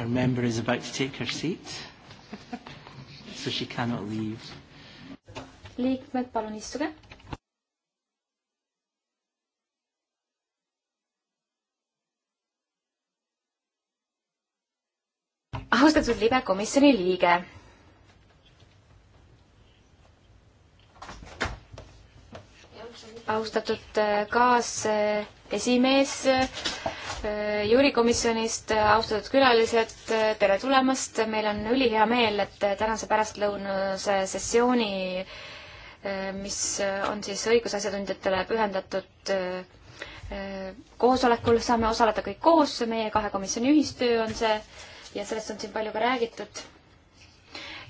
our member is about to take her seat, so she cannot leave. liikmed, palun istuge. austatud libekomisjoni liige. austatud äh, kaasesimees äh, Äh, juurikomisjonist, äh, austatud külalised, äh, tere tulemast, meil on ülihea meel, et tänase pärastlõunase sessiooni, mis on siis õigusasjatundjatele pühendatud koosolekul, saame osaleda kõik koos, meie kahe komisjoni ühistöö on see ja sellest on siin palju ka räägitud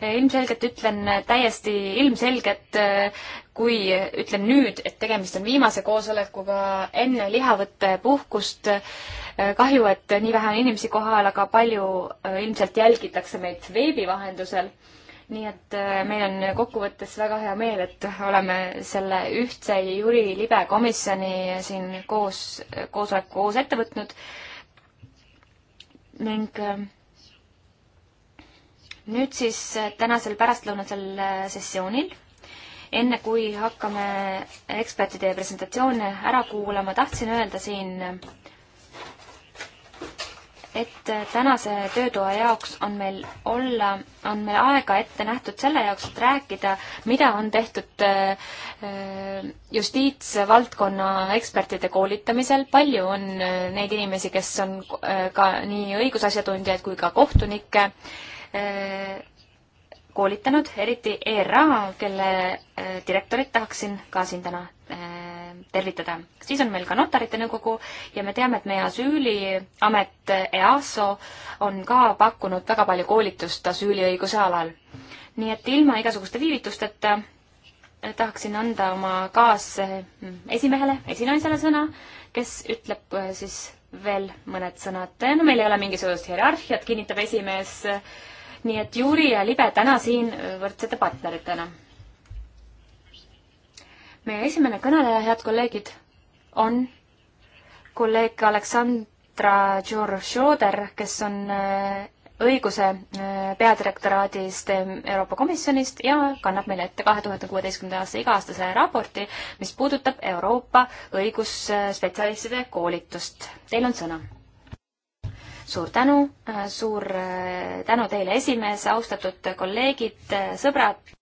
ilmselgelt ütlen täiesti ilmselgelt, kui ütlen nüüd, et tegemist on viimase koosolekuga enne lihavõttepuhkust. kahju, et nii vähe on inimesi kohal, aga palju äh, ilmselt jälgitakse meid veebi vahendusel. nii et äh, meil on kokkuvõttes väga hea meel, et oleme selle ühtse Jüri Libe komisjoni siin koos, koosoleku koos ette võtnud ning äh, nüüd siis äh, tänasel pärastlõunasel äh, sessioonil, enne kui hakkame ekspertide presentatsioone ära kuulama, tahtsin öelda siin, et äh, tänase töötoa jaoks on meil olla, on meil aega ette nähtud selle jaoks, et rääkida, mida on tehtud justiitsvaldkonna ekspertide koolitamisel, palju on neid inimesi, kes on ka nii õigusasjatundjaid kui ka kohtunikke Äh, koolitanud, eriti ERA, kelle äh, direktorit tahaksin ka siin täna äh, tervitada. siis on meil ka Notarite Nõukogu ja me teame, et meie asüüliamet EASO on ka pakkunud väga palju koolitust asüüliõiguse alal. nii et ilma igasuguste viivitusteta tahaksin anda oma kaasesimehele, esinaisele sõna, kes ütleb siis veel mõned sõnad. no meil ei ole mingisugust hierarhiat, kinnitab esimees äh, nii et Juri ja Libe täna siin võrdsete partneritena. meie esimene kõneleja, head kolleegid, on kolleeg Aleksandra Džuršoder, kes on äh, õiguse äh, peadirektoraadist äh, Euroopa Komisjonist ja kannab meile ette kahe tuhande kuueteistkümnenda aasta iga-aastase raporti, mis puudutab Euroopa õigusspetsialistide koolitust. Teil on sõna suur tänu, äh, suur äh, tänu teile, esimees, austatud kolleegid, äh, sõbrad!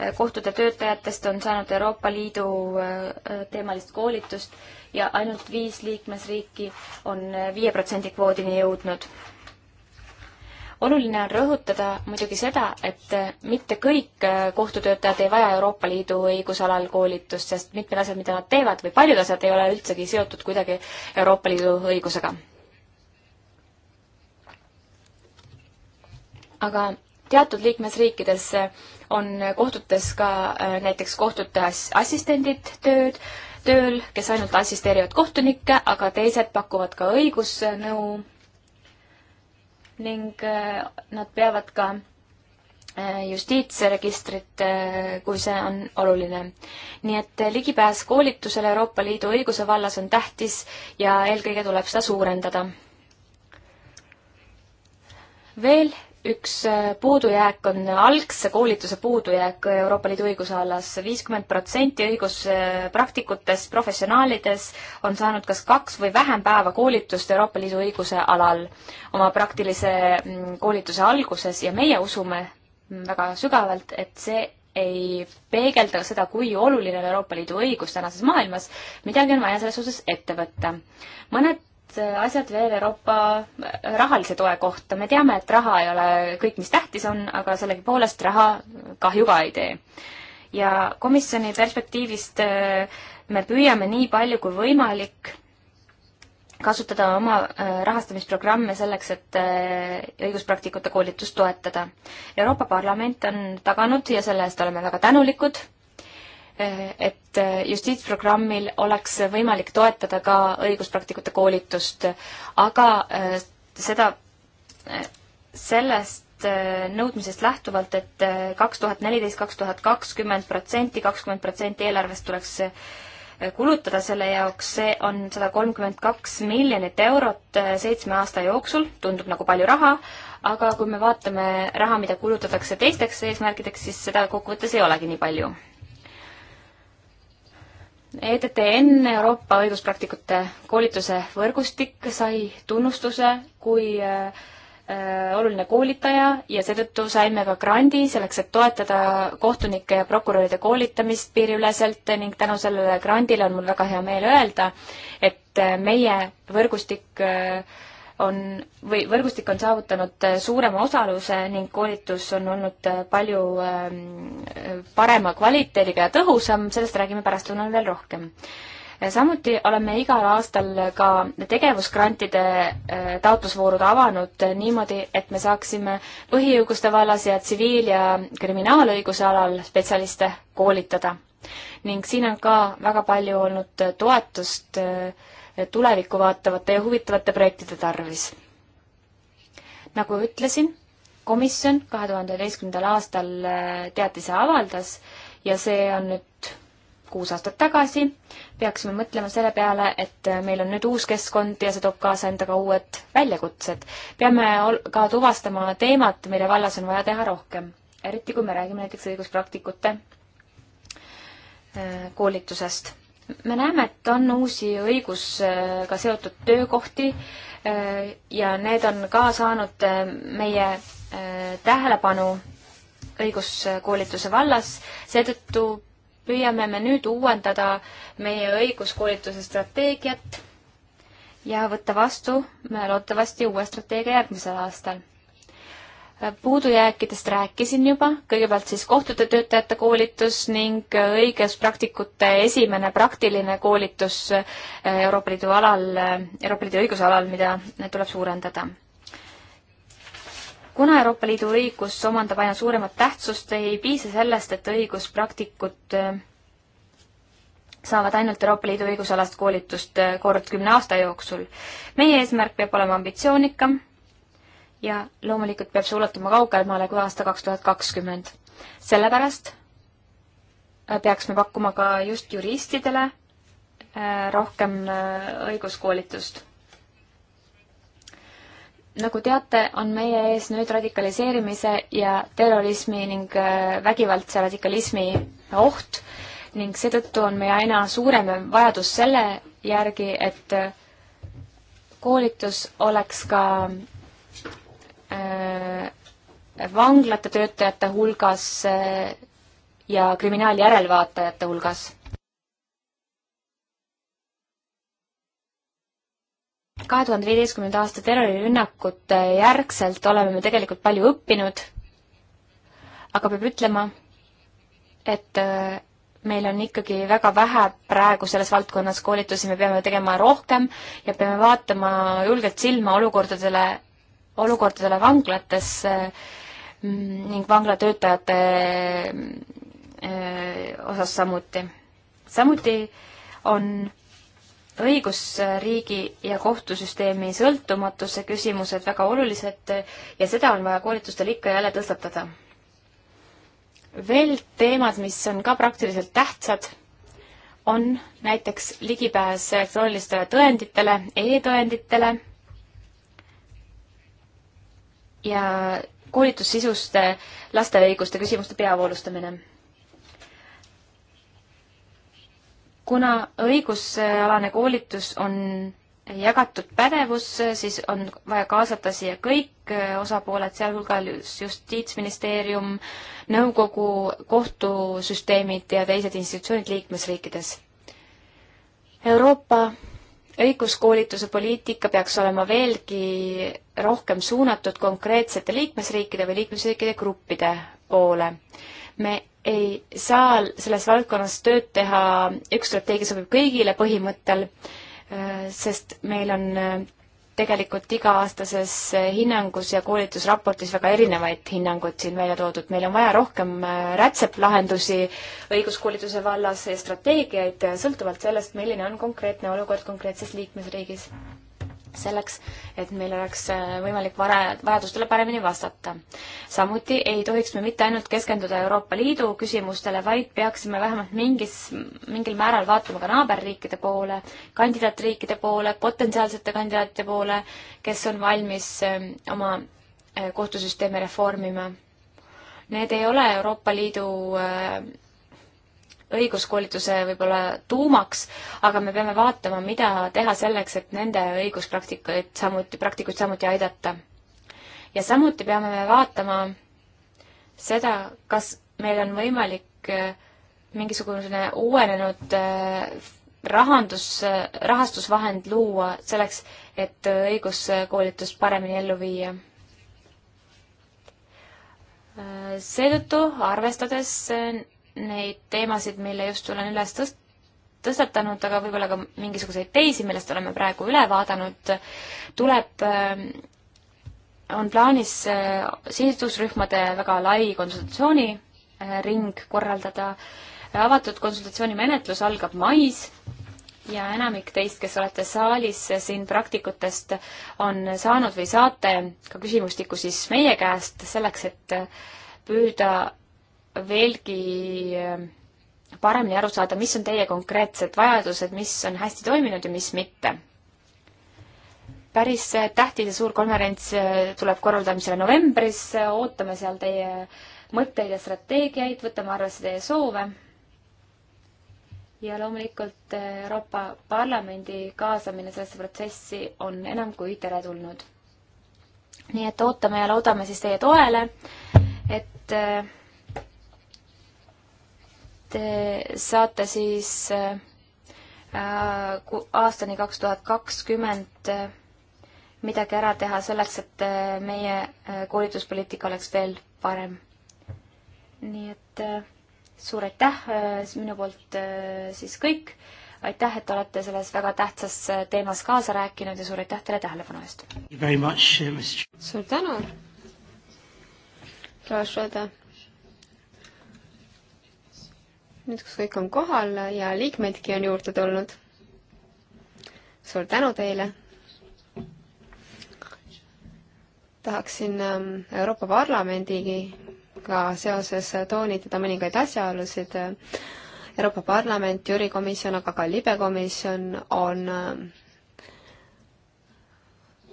Äh, kohtute töötajatest on saanud Euroopa Liidu äh, äh, teemalist koolitust ja ainult viis liikmesriiki on viie protsendi kvoodini jõudnud. oluline on rõhutada muidugi seda, et mitte kõik kohtutöötajad ei vaja Euroopa Liidu õigusalal koolitust, sest mitmed asjad, mida nad teevad või paljud asjad ei ole üldsegi seotud kuidagi Euroopa Liidu õigusega. aga teatud liikmesriikides on kohtutes ka äh, näiteks kohtute assistendid tööd, tööl, kes ainult assisteerivad kohtunikke, aga teised pakuvad ka õigusnõu ning äh, nad peavad ka äh, justiitsregistrit, kui see on oluline. nii et ligipääs koolitusele Euroopa Liidu õiguse vallas on tähtis ja eelkõige tuleb seda suurendada. veel üks äh, puudujääk on algse koolituse puudujääk Euroopa Liidu õiguse alas. viiskümmend protsenti õiguspraktikutest, professionaalides on saanud kas kaks või vähem päeva koolitust Euroopa Liidu õiguse alal oma praktilise mm, koolituse alguses ja meie usume mm, väga sügavalt, et see ei peegelda seda, kui oluline on Euroopa Liidu õigus tänases maailmas. midagi on vaja selles suhtes ette võtta. mõned Äh, asjad veel Euroopa äh, rahalise toe kohta. me teame, et raha ei ole kõik, mis tähtis on, aga sellegipoolest raha kahju ka ei tee. ja komisjoni perspektiivist äh, me püüame nii palju kui võimalik kasutada oma rahastamisprogramme selleks, et õiguspraktikute koolitust toetada. Euroopa Parlament on taganud ja selle eest oleme väga tänulikud et justiitsprogrammil oleks võimalik toetada ka õiguspraktikute koolitust, aga äh, seda, äh, sellest äh, nõudmisest lähtuvalt, et kaks tuhat neliteist, kaks tuhat kakskümmend protsenti, kakskümmend protsenti eelarvest tuleks kulutada selle jaoks, see on sada kolmkümmend kaks miljonit eurot seitsme aasta jooksul, tundub nagu palju raha, aga kui me vaatame raha, mida kulutatakse teisteks eesmärkideks, siis seda kokkuvõttes ei olegi nii palju EDTN, Euroopa õiguspraktikute koolituse võrgustik, sai tunnustuse kui äh, äh, oluline koolitaja ja seetõttu saime ka grandi selleks, et toetada kohtunike ja prokuröride koolitamist piiriüleselt ning tänu sellele grandile on mul väga hea meel öelda, et äh, meie võrgustik äh, on või võrgustik on saavutanud äh, suurema osaluse ning koolitus on olnud äh, palju ähm, parema kvaliteediga ja tõhusam, sellest räägime pärastlõunal veel rohkem. Äh, samuti oleme igal aastal ka tegevusgrantide taotlusvoorud avanud niimoodi, et me saaksime põhiõiguste vallas ja tsiviil- ja kriminaalõiguse alal spetsialiste koolitada. ning siin on ka väga palju olnud toetust äh, tulevikku vaatavate ja huvitavate projektide tarvis. nagu ütlesin, komisjon kahe tuhande üheteistkümnendal aastal äh, teatise avaldas ja see on nüüd kuus aastat tagasi, peaksime mõtlema selle peale, et äh, meil on nüüd uus keskkond ja see toob kaasa endaga uued väljakutsed. peame ka tuvastama teemat, mille vallas on vaja teha rohkem, eriti kui me räägime näiteks õiguspraktikute äh, koolitusest me näeme, et on uusi õigusega seotud töökohti äh, ja need on ka saanud äh, meie äh, tähelepanu õiguskoolituse vallas, seetõttu püüame me nüüd uuendada meie õiguskoolituse strateegiat ja võtta vastu loodetavasti uue strateegia järgmisel aastal puudujääkidest rääkisin juba, kõigepealt siis kohtute töötajate koolitus ning õiguspraktikute esimene praktiline koolitus eh, Euroopa Liidu alal, eh, Euroopa Liidu õiguse alal, mida tuleb suurendada. kuna Euroopa Liidu õigus omandab aina suuremat tähtsust, ei piisa sellest, et õiguspraktikud eh, saavad ainult Euroopa Liidu õigusalast koolitust kord kümne aasta jooksul. meie eesmärk peab olema ambitsioonikam ja loomulikult peab see ulatuma kaugemale kui aasta kaks tuhat kakskümmend. sellepärast äh, peaks me pakkuma ka just juristidele äh, rohkem äh, õiguskoolitust. nagu teate, on meie ees nüüd radikaliseerimise ja terrorismi ning vägivaldse radikalismi oht ning seetõttu on meil aina suurem vajadus selle järgi, et koolitus oleks ka Äh, vanglate töötajate hulgas äh, ja kriminaaljärelevaatajate hulgas. kahe tuhande viieteistkümnenda aasta terrorirünnakute äh, järgselt oleme me tegelikult palju õppinud, aga peab ütlema, et meil on ikkagi väga vähe praegu selles valdkonnas koolitusi, me peame tegema rohkem ja peame vaatama julgelt silma olukordadele, olukordadele vanglatesse mm, ning vanglatöötajate äh, osas samuti. samuti on õigusriigi ja kohtusüsteemi sõltumatuse küsimused väga olulised ja seda on vaja koolitustel ikka ja jälle tõstatada. veel teemad, mis on ka praktiliselt tähtsad, on näiteks ligipääs elektroonilistele tõenditele e, e-tõenditele ja koolitussisuste lastele õiguste küsimuste peavoolustamine. kuna õigusalane koolitus on jagatud pädevus, siis on vaja kaasata siia kõik osapooled, sealhulgas Justiitsministeerium, nõukogu, kohtusüsteemid ja teised institutsioonid liikmesriikides. Euroopa õiguskoolituse poliitika peaks olema veelgi rohkem suunatud konkreetsete liikmesriikide või liikmesriikide gruppide poole. me ei saa selles valdkonnas tööd teha, üks strateegia sobib kõigile põhimõttel, sest meil on tegelikult iga-aastases hinnangus ja koolitusraportis väga erinevaid hinnanguid siin välja toodud. meil on vaja rohkem äh, rätseplahendusi õiguskoolituse vallas ja strateegiaid, äh, sõltuvalt sellest, milline on konkreetne olukord konkreetses liikmesriigis selleks, et meil oleks äh, võimalik vara, vajadustele paremini vastata. samuti ei tohiks me mitte ainult keskenduda Euroopa Liidu küsimustele, vaid peaksime vähemalt mingis, mingil määral vaatama ka naaberriikide poole, kandidaatriikide poole, potentsiaalsete kandidaatide poole, kes on valmis äh, oma äh, kohtusüsteemi reformima. Need ei ole Euroopa Liidu õiguskoolituse võib-olla tuumaks, aga me peame vaatama, mida teha selleks, et nende õiguspraktikuid samuti, praktikuid samuti aidata. ja samuti peame me vaatama seda, kas meil on võimalik äh, mingisugune uuenenud äh, rahandus, äh, rahastusvahend luua selleks, et õiguskoolitust paremini ellu viia seetõttu, arvestades neid teemasid, mille just olen üles tõst-, tõstatanud, aga võib-olla ka mingisuguseid teisi, millest oleme praegu üle vaadanud, tuleb, ähm, on plaanis äh, sihtrühmade väga lai konsultatsiooniring äh, korraldada. avatud konsultatsioonimenetlus algab mais ja enamik teist, kes olete saalis äh, siin praktikutest, on saanud või saate ka küsimustiku siis meie käest selleks, et püüda veelgi ehm, paremini aru saada, mis on teie konkreetsed vajadused, mis on hästi toiminud ja mis mitte. päris eh, tähtis ja suur konverents eh, tuleb korraldamisele novembris, eh, ootame seal teie mõtteid ja strateegiaid, võtame arvesse teie soove. ja loomulikult Euroopa Parlamendi kaasamine sellesse protsessi on enam kui teretulnud. nii et ootame ja loodame siis teie toele, et äh, Te saate siis äh, aastani kaks tuhat kakskümmend äh, midagi ära teha selleks, et äh, meie koolituspoliitika oleks veel parem. nii et suur aitäh, minu poolt siis kõik. aitäh, et olete selles väga tähtsas teemas kaasa rääkinud ja suur aitäh teile tähelepanu eest! Uh, suur tänu, Rošvede! nüüd kus kõik on kohal ja liikmeidki on juurde tulnud. suur tänu teile. tahaksin ähm, Euroopa Parlamendiga seoses toonitada mõningaid asjaolusid. Euroopa Parlament, Jüri komisjon, aga ka libekomisjon on öö,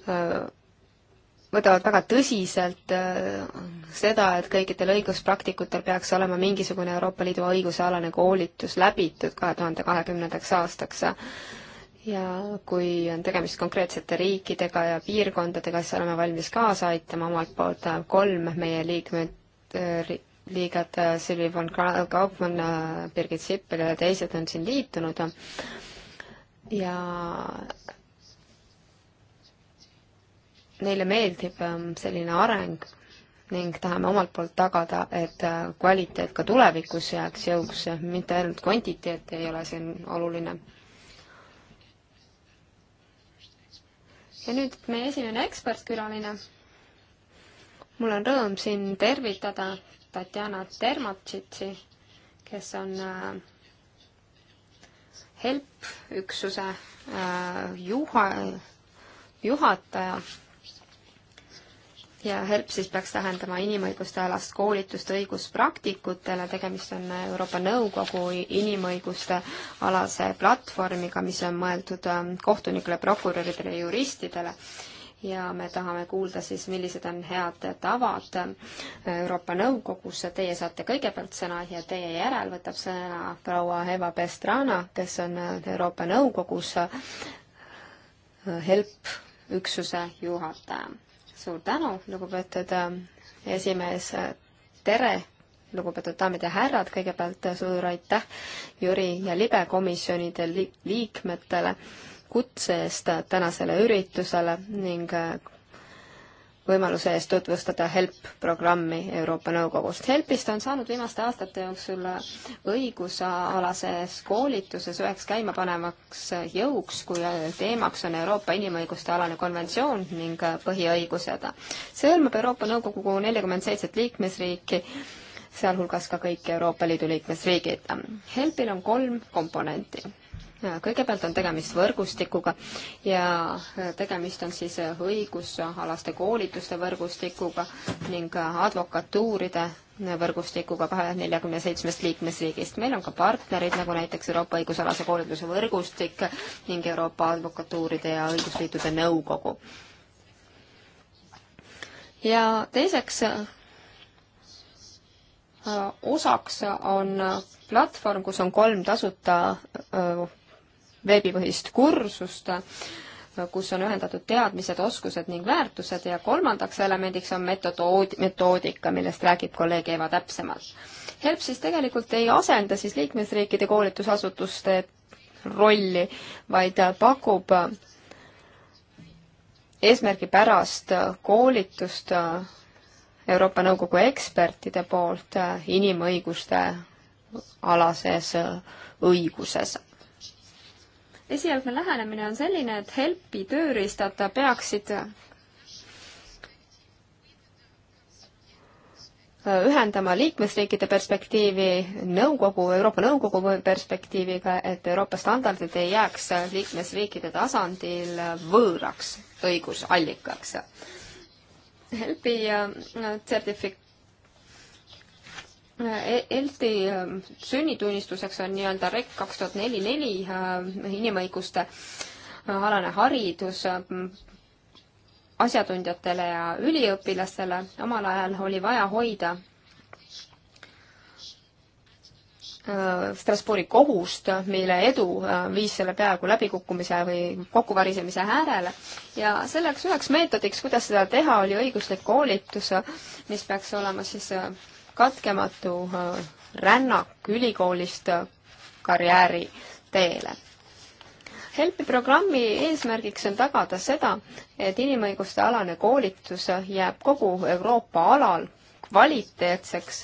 ähm, äh, võtavad väga tõsiselt äh, seda, et kõikidel õiguspraktikutel peaks olema mingisugune Euroopa Liidu õigusealane koolitus läbitud kahe tuhande kahekümnendaks aastaks. ja kui on tegemist konkreetsete riikidega ja piirkondadega, siis oleme valmis kaasa aitama omalt poolt äh, kolm meie liikmed, äh, liiget Silvi von Kaupmann, Birgit Sippel ja teised on siin liitunud ja neile meeldib ähm, selline areng ning tahame omalt poolt tagada, et äh, kvaliteet ka tulevikus jääks jõuks, mitte ainult kvantiteet ei ole siin oluline. ja nüüd meie esimene ekspertkülaline. mul on rõõm siin tervitada Tatjana Termatšitsi, kes on äh, HELP üksuse äh, juha, juhataja ja HELP siis peaks tähendama inimõiguste alast koolitust õiguspraktikutele, tegemist on Euroopa Nõukogu inimõiguste alase platvormiga, mis on mõeldud ähm, kohtunikele, prokuröridele, juristidele ja me tahame kuulda siis, millised on head tavad ähm, Euroopa Nõukogus. Teie saate kõigepealt sõna ja teie järel võtab sõna proua Eva Pastrana, kes on äh, Euroopa Nõukogus äh, HELP üksuse juhataja suur tänu, lugupeetud äh, esimees, tere, lugupeetud daamid ja härrad, kõigepealt suur aitäh Jüri ja Libe komisjonide liikmetele kutse eest tänasele üritusele ning äh, võimaluse eest tutvustada HELP programmi Euroopa Nõukogust. HELPist on saanud viimaste aastate jooksul õigusalases koolituses üheks käimapanevaks jõuks, kui teemaks on Euroopa inimõiguste alane konventsioon ning põhiõigused. see hõlmab Euroopa Nõukogu nelikümmend seitset liikmesriiki sealhulgas ka kõik Euroopa Liidu liikmesriigid. HELP-il on kolm komponenti kõigepealt on tegemist võrgustikuga ja tegemist on siis õigusalaste koolituste võrgustikuga ning advokatuuride võrgustikuga kahe neljakümne seitsmest liikmesriigist. meil on ka partnerid, nagu näiteks Euroopa õigusalase koolituse võrgustik ning Euroopa Advokatuuride ja Õigusliitude Nõukogu. ja teiseks osaks on platvorm, kus on kolm tasuta veebipõhist kursust, kus on ühendatud teadmised, oskused ning väärtused ja kolmandaks elemendiks on metodood-, metoodika, millest räägib kolleeg Eva täpsemalt. HELP siis tegelikult ei asenda siis liikmesriikide koolitusasutuste rolli, vaid pakub eesmärgipärast koolitust Euroopa Nõukogu ekspertide poolt inimõiguste alases õiguses esialgne lähenemine on selline, et HELP-i tööriistad peaksid äh, ühendama liikmesriikide perspektiivi nõukogu, Euroopa Nõukogu perspektiiviga, et Euroopa standardid ei jääks liikmesriikide tasandil võõraks õigusallikaks. HELP-i äh, sertifik-, E- ELTi ähm, sünnitunnistuseks on nii-öelda REC kaks tuhat neli neli äh, inimõiguste äh, alane haridus äh, asjatundjatele ja üliõpilastele. omal ajal oli vaja hoida Strasbourgi kohust, mille edu viis selle peaaegu läbikukkumise või kokkuvarisemise äärele. ja selleks üheks meetodiks, kuidas seda teha, oli õiguslik koolitus, mis peaks olema siis katkematu äh, rännak ülikoolist äh, karjääri teele. Helpi programmi eesmärgiks on tagada seda, et inimõiguste alane koolitus jääb kogu Euroopa alal kvaliteetseks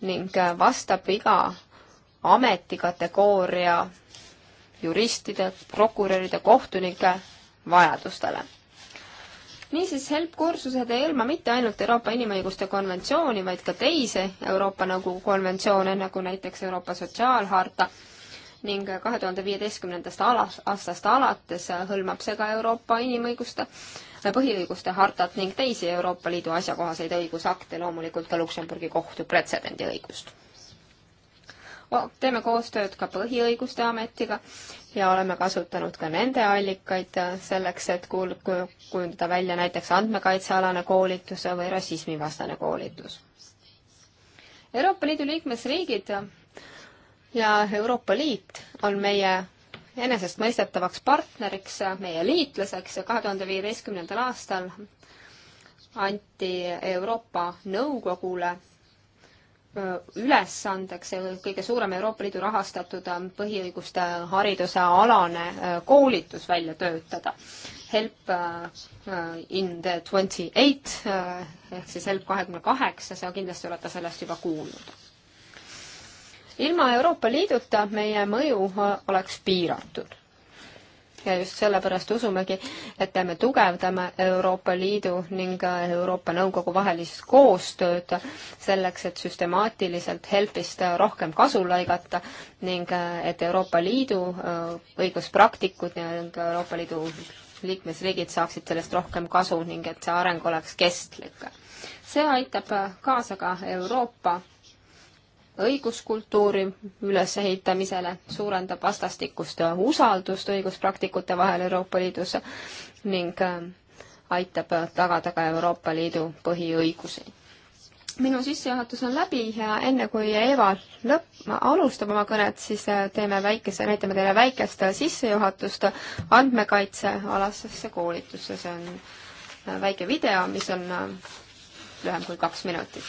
ning äh, vastab iga ametikategooria juristide, prokuröride, kohtunike vajadustele niisiis, HELP-kursused ei hõlma mitte ainult Euroopa Inimõiguste konventsiooni, vaid ka teisi Euroopa Nõukogu konventsioone, nagu näiteks Euroopa Sotsiaalharta ning kahe tuhande viieteistkümnendast aastast alates hõlmab see ka Euroopa Inimõiguste äh, põhiõiguste hartat ning teisi Euroopa Liidu asjakohaseid õigusakte, loomulikult ka Luksemburgi kohtu pretsedendiõigust teeme koostööd ka Põhiõiguste Ametiga ja oleme kasutanud ka nende allikaid selleks, et kuul-, kujundada välja näiteks andmekaitsealane koolitus või rassismivastane koolitus. Euroopa Liidu liikmesriigid ja Euroopa Liit on meie enesestmõistetavaks partneriks, meie liitlaseks ja kahe tuhande viieteistkümnendal aastal anti Euroopa Nõukogule Äh, ülesandeks kõige suurem Euroopa Liidu rahastatud äh, põhiõiguste hariduse alane äh, koolitus välja töötada. Help in the twenty eight ehk siis Help kahekümne kaheksa, sa kindlasti oled sellest juba kuulnud. ilma Euroopa Liiduta meie mõju oleks piiratud ja just sellepärast usumegi, et me tugevdame Euroopa Liidu ning Euroopa Nõukogu vahelist koostööd selleks, et süstemaatiliselt HELP-ist rohkem kasu lõigata ning äh, et Euroopa Liidu äh, õiguspraktikud ja Euroopa Liidu liikmesriigid saaksid sellest rohkem kasu ning et see areng oleks kestlik. see aitab äh, kaasa ka Euroopa õiguskultuuri ülesehitamisele, suurendab vastastikust usaldust õiguspraktikute vahel Euroopa Liidus ning äh, aitab tagada ka Euroopa Liidu põhiõigusi. minu sissejuhatus on läbi ja enne kui Eva lõpp, alustab oma kõnet, siis äh, teeme väikese, näitame teile väikest sissejuhatust andmekaitsealasesse koolitusse, see on äh, väike video, mis on lühem kui kaks minutit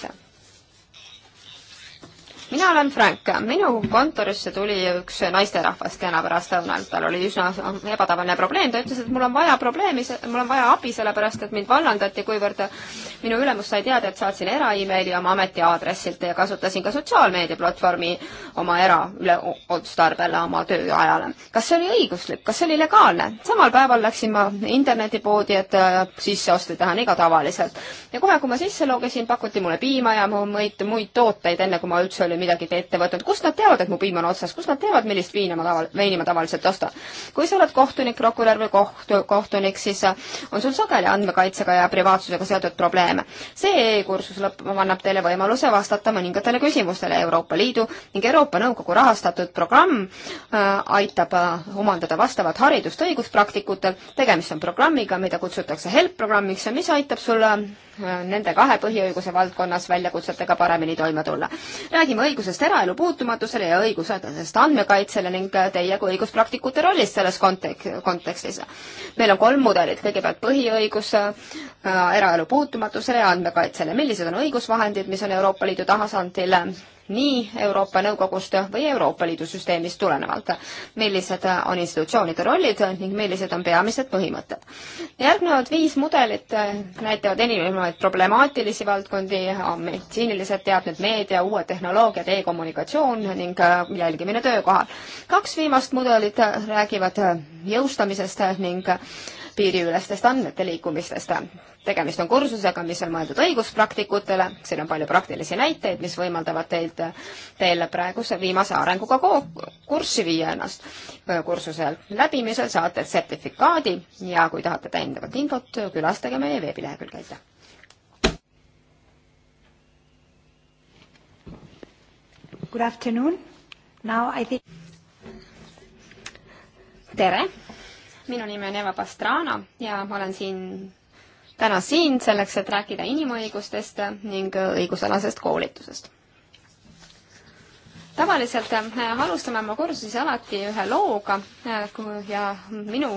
mina olen Frank, minu kontorisse tuli üks naisterahvas täna pärastlõunal, tal oli üsna ebatavaline probleem, ta ütles, et mul on vaja probleemi, mul on vaja abi, sellepärast et mind vallandati, kuivõrd minu ülemus sai teada, et saatsin eraemaili oma ametiaadressilt ja kasutasin ka sotsiaalmeediaplatvormi oma era üle otstarbele oma tööajale. kas see oli õiguslik, kas see oli legaalne? samal päeval läksin ma internetipoodi, et äh, sisseoste teha nii ka tavaliselt. ja kohe, kui ma sisse loogisin, pakuti mulle piima ja muid, muid tooteid, enne kui ma üldse olin või midagi ette võtnud, kust nad teavad, et mu piim on otsas, kust nad teavad, millist viina ma taval-, veini ma tavaliselt ostan? kui sa oled kohtunik, prokurör või koht-, kohtunik, siis äh, on sul sageli andmekaitsega ja privaatsusega seotud probleeme. see e-kursus lõpp-, annab teile võimaluse vastata mõningatele küsimustele Euroopa Liidu ning Euroopa Nõukogu rahastatud programm äh, aitab äh, omandada vastavat haridust õiguspraktikutel, tegemist on programmiga, mida kutsutakse HELP programmiks ja mis aitab sulle äh, nende kahe põhiõiguse valdkonnas väljakutsetega paremini toime tulla. räägime õigusest eraelu puutumatusele ja õigusest andmekaitsele ning teie kui õiguspraktikute rollist selles kontek-, kontekstis. meil on kolm mudelit, kõigepealt põhiõigus äh, eraelu puutumatusele ja andmekaitsele. millised on õigusvahendid, mis on Euroopa Liidu tasandil nii Euroopa Nõukogust või Euroopa Liidu süsteemist tulenevalt. millised äh, on institutsioonide rollid ning millised on peamised põhimõtted. järgnevad viis mudelit äh, näitavad enimaid problemaatilisi valdkondi, äh, meditsiinilised teadmed, meedia, uued tehnoloogiad e, e-kommunikatsioon ning jälgimine töökohal. kaks viimast mudelit räägivad jõustamisest ning piiriülestest andmete liikumistest tegemist on kursusega, mis on mõeldud õiguspraktikutele, siin on palju praktilisi näiteid, mis võimaldavad teilt, teil praeguse viimase arenguga kurssi viia ennast. kursuse läbimisel saate sertifikaadi ja kui tahate täiendavat infot, külastage meie veebilehekülge, aitäh! Good afternoon. Now I think tere, minu nimi on Eva Pastrana ja ma olen siin täna siin selleks, et rääkida inimõigustest ning õigusalasest koolitusest. tavaliselt äh, alustame oma kursusi alati ühe looga äh, ja minu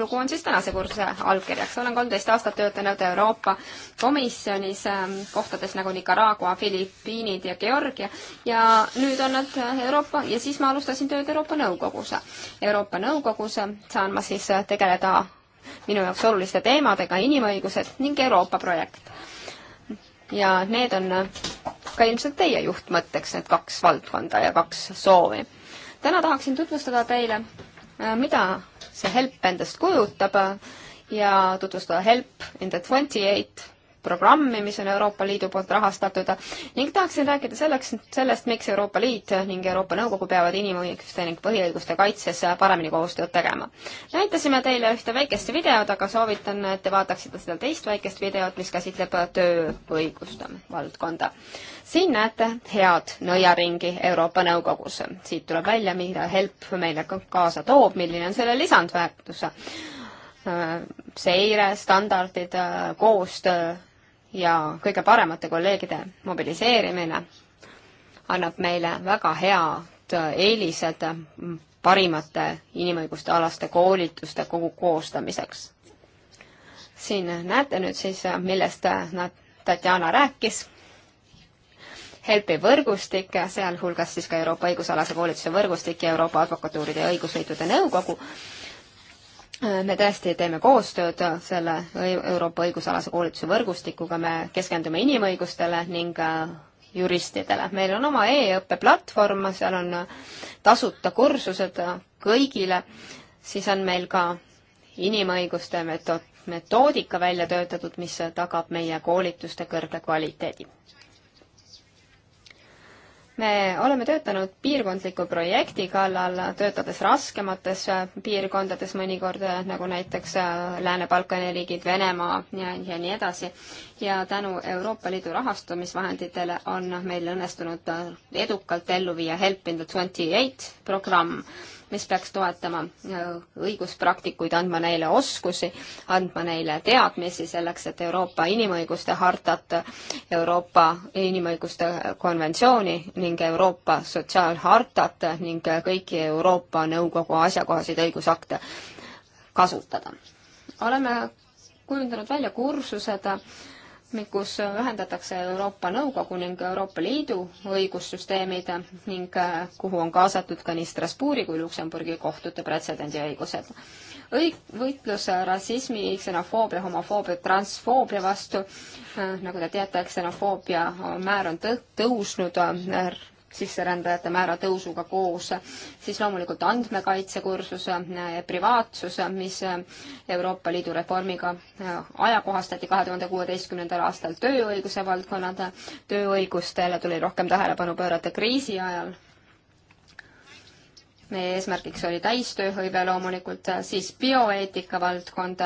lugu on siis tänase kursuse allkirjaks. olen kolmteist aastat töötanud Euroopa Komisjonis ähm, kohtades nagu Nicaragua, Filipiinid ja Georgia ja nüüd on nad äh, Euroopa ja siis ma alustasin tööd Euroopa Nõukogus. Euroopa Nõukogus saan ma siis tegeleda minu jaoks oluliste teemadega inimõigused ning Euroopa projekt. ja need on äh, ka ilmselt teie juhtmõtteks, need kaks valdkonda ja kaks soovi. täna tahaksin tutvustada teile, äh, mida see HELP endast kujutab äh, ja tutvustada HELP in the twenty eight programmi, mis on Euroopa Liidu poolt rahastatud ning tahaksin rääkida selleks, sellest, miks Euroopa Liit ning Euroopa Nõukogu peavad inimõiguste ning põhiõiguste kaitses paremini koostööd tegema. näitasime teile ühte väikest videot, aga soovitan, et te vaataksite seda teist väikest videot, mis käsitleb tööõigust, valdkonda. siin näete head nõiaringi Euroopa Nõukogus. siit tuleb välja, mida HELP meile kaasa toob, milline on selle lisandväärtus seire, standardid, koostöö ja kõige paremate kolleegide mobiliseerimine annab meile väga head eelised parimate inimõiguste alaste koolituste kogu koostamiseks. siin näete nüüd siis, millest Tatjana rääkis. HELP-i võrgustik, sealhulgas siis ka Euroopa õigusalase koolituse võrgustik ja Euroopa Advokatuuride ja Õigusliitude Nõukogu me tõesti teeme koostööd selle Euroopa õigusalase koolituse võrgustikuga, me keskendume inimõigustele ning äh, juristidele. meil on oma e-õppe platvorm, seal on äh, tasuta kursused äh, kõigile, siis on meil ka inimõiguste metood, metoodika välja töötatud, mis tagab meie koolituste kõrge kvaliteedi me oleme töötanud piirkondliku projekti kallal, töötades raskemates äh, piirkondades mõnikord, äh, nagu näiteks äh, Lääne-Balkani riigid, Venemaa ja, ja nii edasi. ja tänu Euroopa Liidu rahastamisvahenditele on meil õnnestunud edukalt ellu viia Help in the Twenty Eight programm mis peaks toetama äh, õiguspraktikuid, andma neile oskusi, andma neile teadmisi selleks, et Euroopa inimõiguste hartat, Euroopa inimõiguste konventsiooni ning Euroopa sotsiaalhartat ning kõiki Euroopa Nõukogu asjakohaseid õigusakte kasutada. oleme kujundanud välja kursused, kus ühendatakse Euroopa Nõukogu ning Euroopa Liidu õigussüsteemid ning äh, kuhu on kaasatud ka nii Strasbourgi kui Luksemburgi kohtute pretsedendiõigused. õig-, võitlus äh, rassismi, ksenofoobia, homofoobia, transfoobia vastu, äh, nagu te teate, ksenofoobia määr on tõ-, tõusnud sisserändajate määra tõusuga koos, siis loomulikult andmekaitsekursus, äh, privaatsus, äh, mis äh, Euroopa Liidu reformiga ajakohastati kahe tuhande kuueteistkümnendal aastal tööõiguse valdkonnad, tööõigustele tuli rohkem tähelepanu pöörata kriisi ajal, meie eesmärgiks oli täistööhõive loomulikult, siis bioeetika valdkond,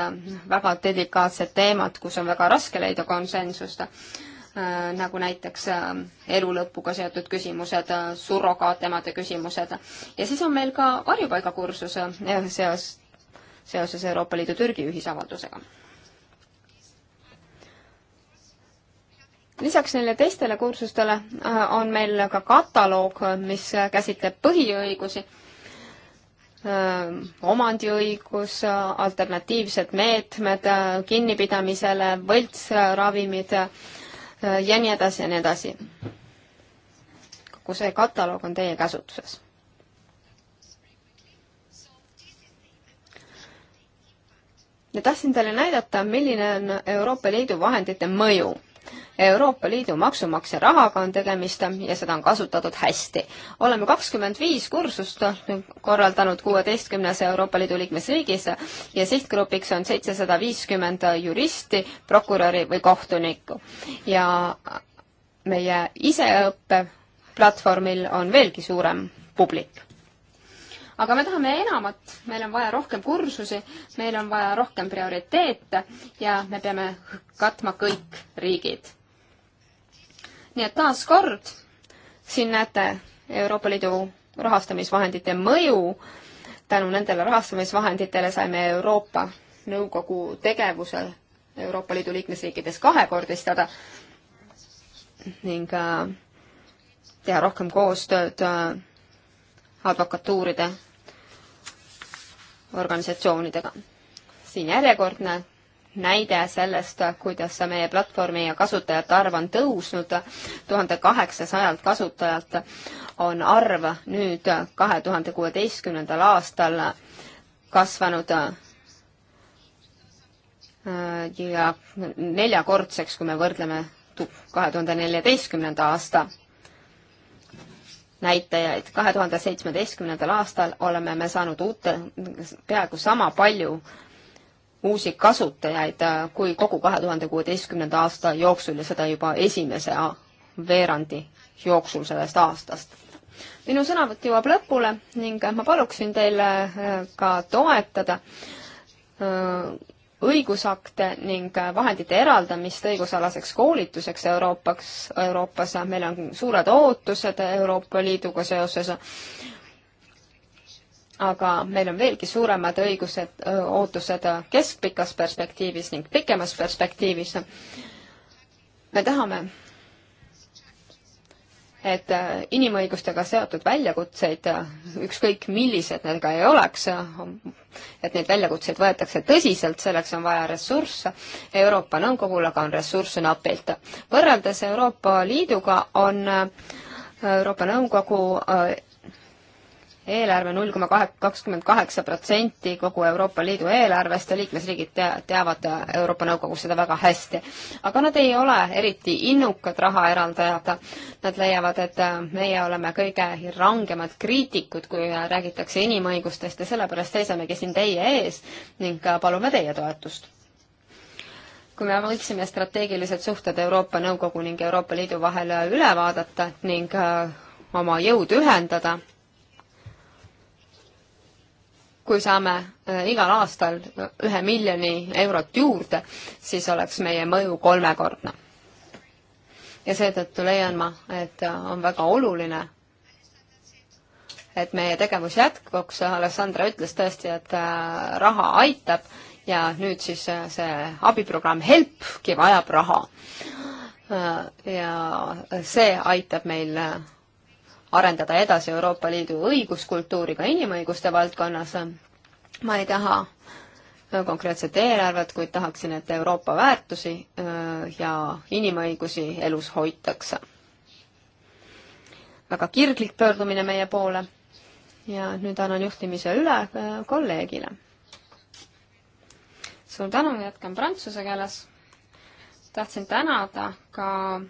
väga delikaatsed teemad, kus on väga raske leida konsensust Äh, nagu näiteks äh, elu lõpuga seotud küsimused, äh, surrogaatemade küsimused. ja siis on meil ka varjupaigakursus seos, seoses Euroopa Liidu Türgi ühisavaldusega. lisaks neile teistele kursustele on meil ka kataloog, mis käsitleb põhiõigusi omandiõigus, alternatiivsed meetmed kinnipidamisele, võltsravimid Äh, ja nii edasi ja nii edasi. kogu see kataloog on teie käsutuses. ja tahtsin teile näidata, milline on Euroopa Liidu vahendite mõju Euroopa Liidu maksumaksja rahaga on tegemist ja seda on kasutatud hästi. oleme kakskümmend viis kursust korraldanud kuueteistkümnes Euroopa Liidu liikmesriigis ja sihtgrupiks on seitsesada viiskümmend juristi, prokuröri või kohtunikku. ja meie iseõppe platvormil on veelgi suurem publik aga me tahame enamat, meil on vaja rohkem kursusi, meil on vaja rohkem prioriteete ja me peame katma kõik riigid nii et taaskord siin näete Euroopa Liidu rahastamisvahendite mõju. tänu nendele rahastamisvahenditele saime Euroopa Nõukogu tegevuse Euroopa Liidu liikmesriikides kahekordistada ning äh, teha rohkem koostööd äh, advokatuuride organisatsioonidega. siin järjekordne näide sellest, kuidas meie platvormi ja kasutajate arv on tõusnud. tuhande kaheksasajalt kasutajalt on arv nüüd kahe tuhande kuueteistkümnendal aastal kasvanud äh, ja neljakordseks, kui me võrdleme kahe tuhande neljateistkümnenda aasta näitajaid. kahe tuhande seitsmeteistkümnendal aastal oleme me saanud uute, peaaegu sama palju äh, uusi kasutajaid äh, kui kogu kahe tuhande kuueteistkümnenda aasta jooksul ja seda juba esimese veerandi jooksul sellest aastast. minu sõnavõtt jõuab lõpule ning ma paluksin teil äh, ka toetada äh, õigusakte ning vahendite eraldamist õigusalaseks koolituseks Euroopas, Euroopas, meil on suured ootused Euroopa Liiduga seoses aga meil on veelgi suuremad õigused, ootused keskpikas perspektiivis ning pikemas perspektiivis. me tahame, et inimõigustega seotud väljakutseid, ükskõik millised need ka ei oleks, et neid väljakutseid võetakse tõsiselt, selleks on vaja ressursse. Euroopa Nõukogul aga on ressursse napilt. võrreldes Euroopa Liiduga on Euroopa Nõukogu eelarve null koma kahe, kakskümmend kaheksa protsenti kogu Euroopa Liidu eelarvest ja liikmesriigid tea, teavad Euroopa Nõukogus seda väga hästi. aga nad ei ole eriti innukad rahaeraldajad, nad leiavad, et meie oleme kõige rangemad kriitikud, kui räägitakse inimõigustest ja sellepärast seisamegi siin teie ees ning palume teie toetust kui me võiksime strateegilised suhted Euroopa Nõukogu ning Euroopa Liidu vahel üle vaadata ning oma jõud ühendada, kui saame äh, igal aastal äh, ühe miljoni eurot juurde, siis oleks meie mõju kolmekordne. ja seetõttu leian ma, et äh, on väga oluline, et meie tegevus jätkuks, Alessandra ütles tõesti, et raha aitab ja nüüd siis see abiprogramm HELPki vajab raha. ja see aitab meil arendada edasi Euroopa Liidu õiguskultuuri ka inimõiguste valdkonnas. ma ei taha äh, konkreetset eelarvet, kuid tahaksin, et Euroopa väärtusi äh, ja inimõigusi elus hoitakse. väga kirglik pöördumine meie poole ja nüüd annan juhtimise üle äh, kolleegile. suur tänu, jätkan prantsuse keeles. tahtsin tänada ka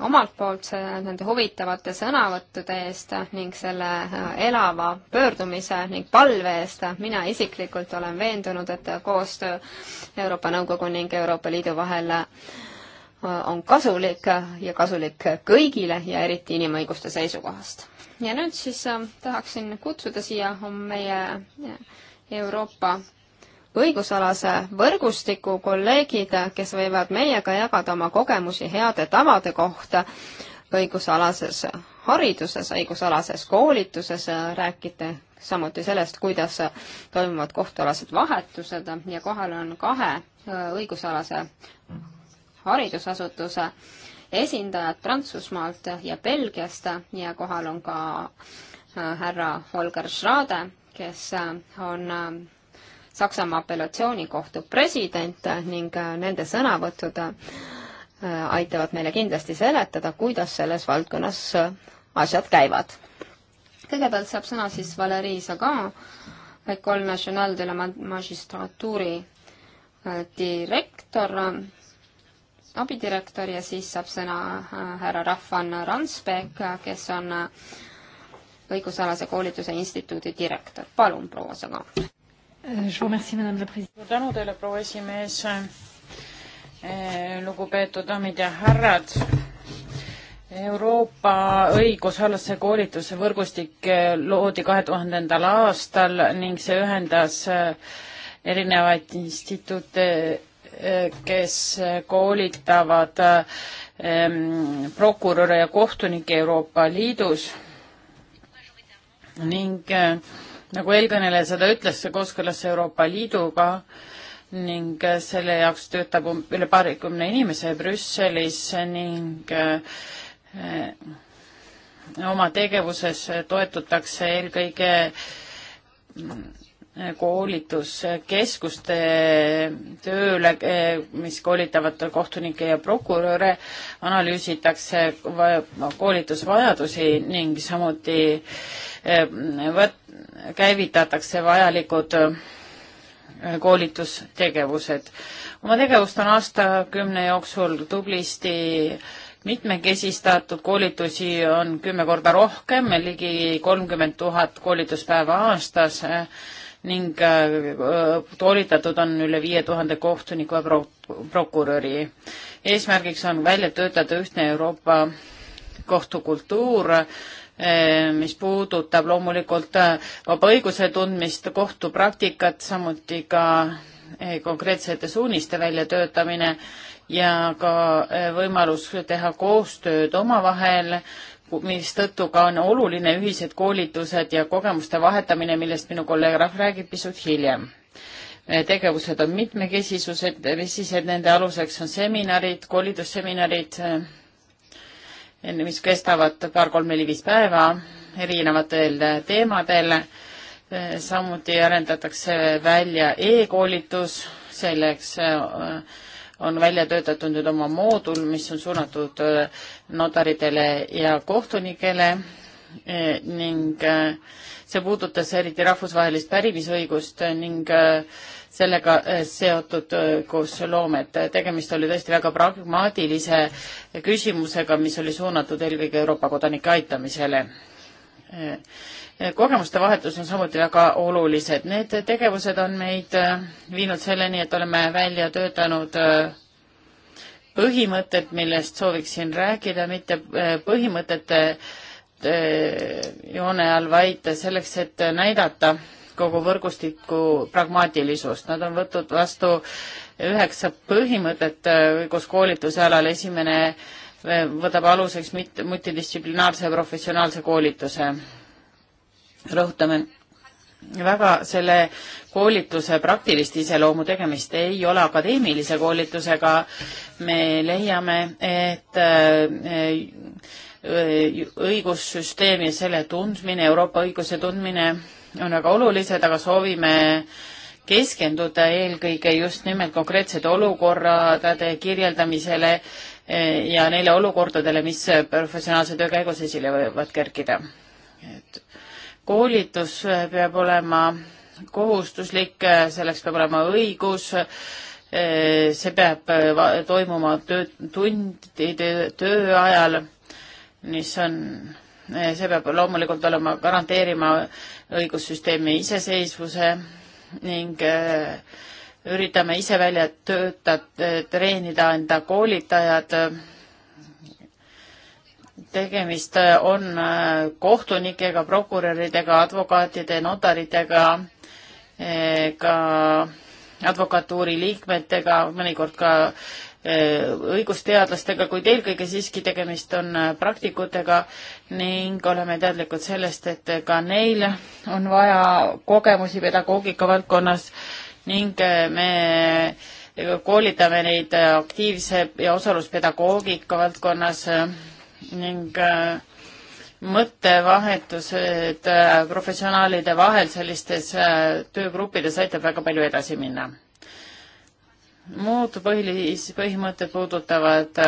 omalt poolt nende huvitavate sõnavõttude eest ning selle äh, elava pöördumise ning palve eest. mina isiklikult olen veendunud, et koostöö Euroopa Nõukogu ning Euroopa Liidu vahel äh, on kasulik ja kasulik kõigile ja eriti inimõiguste seisukohast. ja nüüd siis äh, tahaksin kutsuda siia meie Euroopa õigusalase võrgustiku kolleegid, kes võivad meiega jagada oma kogemusi heade tavade kohta õigusalases hariduses, õigusalases koolituses, räägite samuti sellest, kuidas toimuvad kohtualased vahetused ja kohal on kahe õigusalase haridusasutuse esindajad Prantsusmaalt ja Belgiast ja kohal on ka härra Holger Schrade, kes on Saksamaa apellatsioonikohtu president ning äh, nende sõnavõtud äh, aitavad meile kindlasti seletada, kuidas selles valdkonnas äh, asjad käivad. kõigepealt saab sõna siis Valerii Sagan, École Nationale de la Magistratuuri direktor, abidirektor ja siis saab sõna härra Rahvan Ransbeck, kes on õigusalase koolituse instituudi direktor. palun, proua Sagan! suur tänu teile, proua esimees. Eh, lugupeetud daamid ja härrad. Euroopa õigusalase koolituse võrgustik eh, loodi kahe tuhandendal aastal ning see ühendas eh, erinevaid instituute, kes koolitavad prokuröre ja kohtunikke Euroopa Liidus ning äh, nagu eelkõneleja seda ütles, see kooskõlas Euroopa Liiduga ning selle jaoks töötab um-, üle paarikümne inimese Brüsselis ning eh, oma tegevuses toetutakse eelkõige mm, koolituskeskuste tööle, mis koolitavad kohtunikke ja prokuröre, analüüsitakse koolitusvajadusi ning samuti eh, võt-, käivitatakse vajalikud eh, koolitustegevused. oma tegevust on aastakümne jooksul tublisti mitmekesistatud, koolitusi on kümme korda rohkem, ligi kolmkümmend tuhat koolituspäeva aastas eh, ning äh, toolitatud on üle viie tuhande kohtuniku ja prokuröri. eesmärgiks on välja töötada ühtne Euroopa kohtukultuur, äh, mis puudutab loomulikult äh, vaba õiguse tundmist, kohtupraktikat, samuti ka konkreetsete suuniste väljatöötamine ja ka võimalus teha koostööd omavahel mistõttu ka on oluline ühised koolitused ja kogemuste vahetamine, millest minu kolleeg Rahv räägib pisut hiljem. tegevused on mitmekesisused, vesised, nende aluseks on seminarid, koolitusseminarid, eh, mis kestavad paar-kolm-neli-viis päeva erinevatel teemadel. Eh, samuti arendatakse välja e-koolitus, selleks äh, on välja töötatud nüüd oma moodul, mis on suunatud äh, notaritele ja kohtunikele äh, ning äh, see puudutas eriti rahvusvahelist pärimisõigust ning sellega seotud koosloomad. tegemist oli tõesti väga pragmaatilise küsimusega, mis oli suunatud eelkõige Euroopa kodanike aitamisele kogemuste vahetus on samuti väga olulised. Need tegevused on meid äh, viinud selleni, et oleme välja töötanud äh, põhimõtted, millest sooviksin rääkida, mitte äh, põhimõtete joone all, vaid selleks, et näidata kogu võrgustiku pragmaatilisust. Nad on võtnud vastu üheksa põhimõtet õiguskoolituse alal. esimene võtab aluseks multidistsiplinaarse professionaalse koolituse rõhutame väga selle koolituse praktilist iseloomu tegemist ei ole akadeemilise koolitusega. me leiame, et äh, äh, õigussüsteem ja selle tundmine, Euroopa õiguse tundmine on väga olulised, aga soovime keskenduda eelkõige just nimelt konkreetsete olukorrade kirjeldamisele äh, ja neile olukordadele, mis professionaalse töö käigus esile võivad kerkida. et koolitus peab olema kohustuslik, selleks peab olema õigus, see peab toimuma töö, tundide töö ajal, mis on, see peab loomulikult olema, garanteerima õigussüsteemi iseseisvuse ning üritame ise välja töötada, treenida enda koolitajad tegemist äh, on äh, kohtunikega, prokuröridega, advokaatide, notaritega, äh, ka advokatuuri liikmetega, mõnikord ka õigusteadlastega, kuid eelkõige siiski tegemist on praktikutega ning oleme teadlikud sellest, et ka neil on vaja kogemusi pedagoogika valdkonnas ning me koolitame neid aktiivse ja osaluspedagoogika valdkonnas ning äh, mõttevahetused äh, professionaalide vahel sellistes äh, töögruppides aitab väga palju edasi minna. muud põhilis-, põhimõtted puudutavad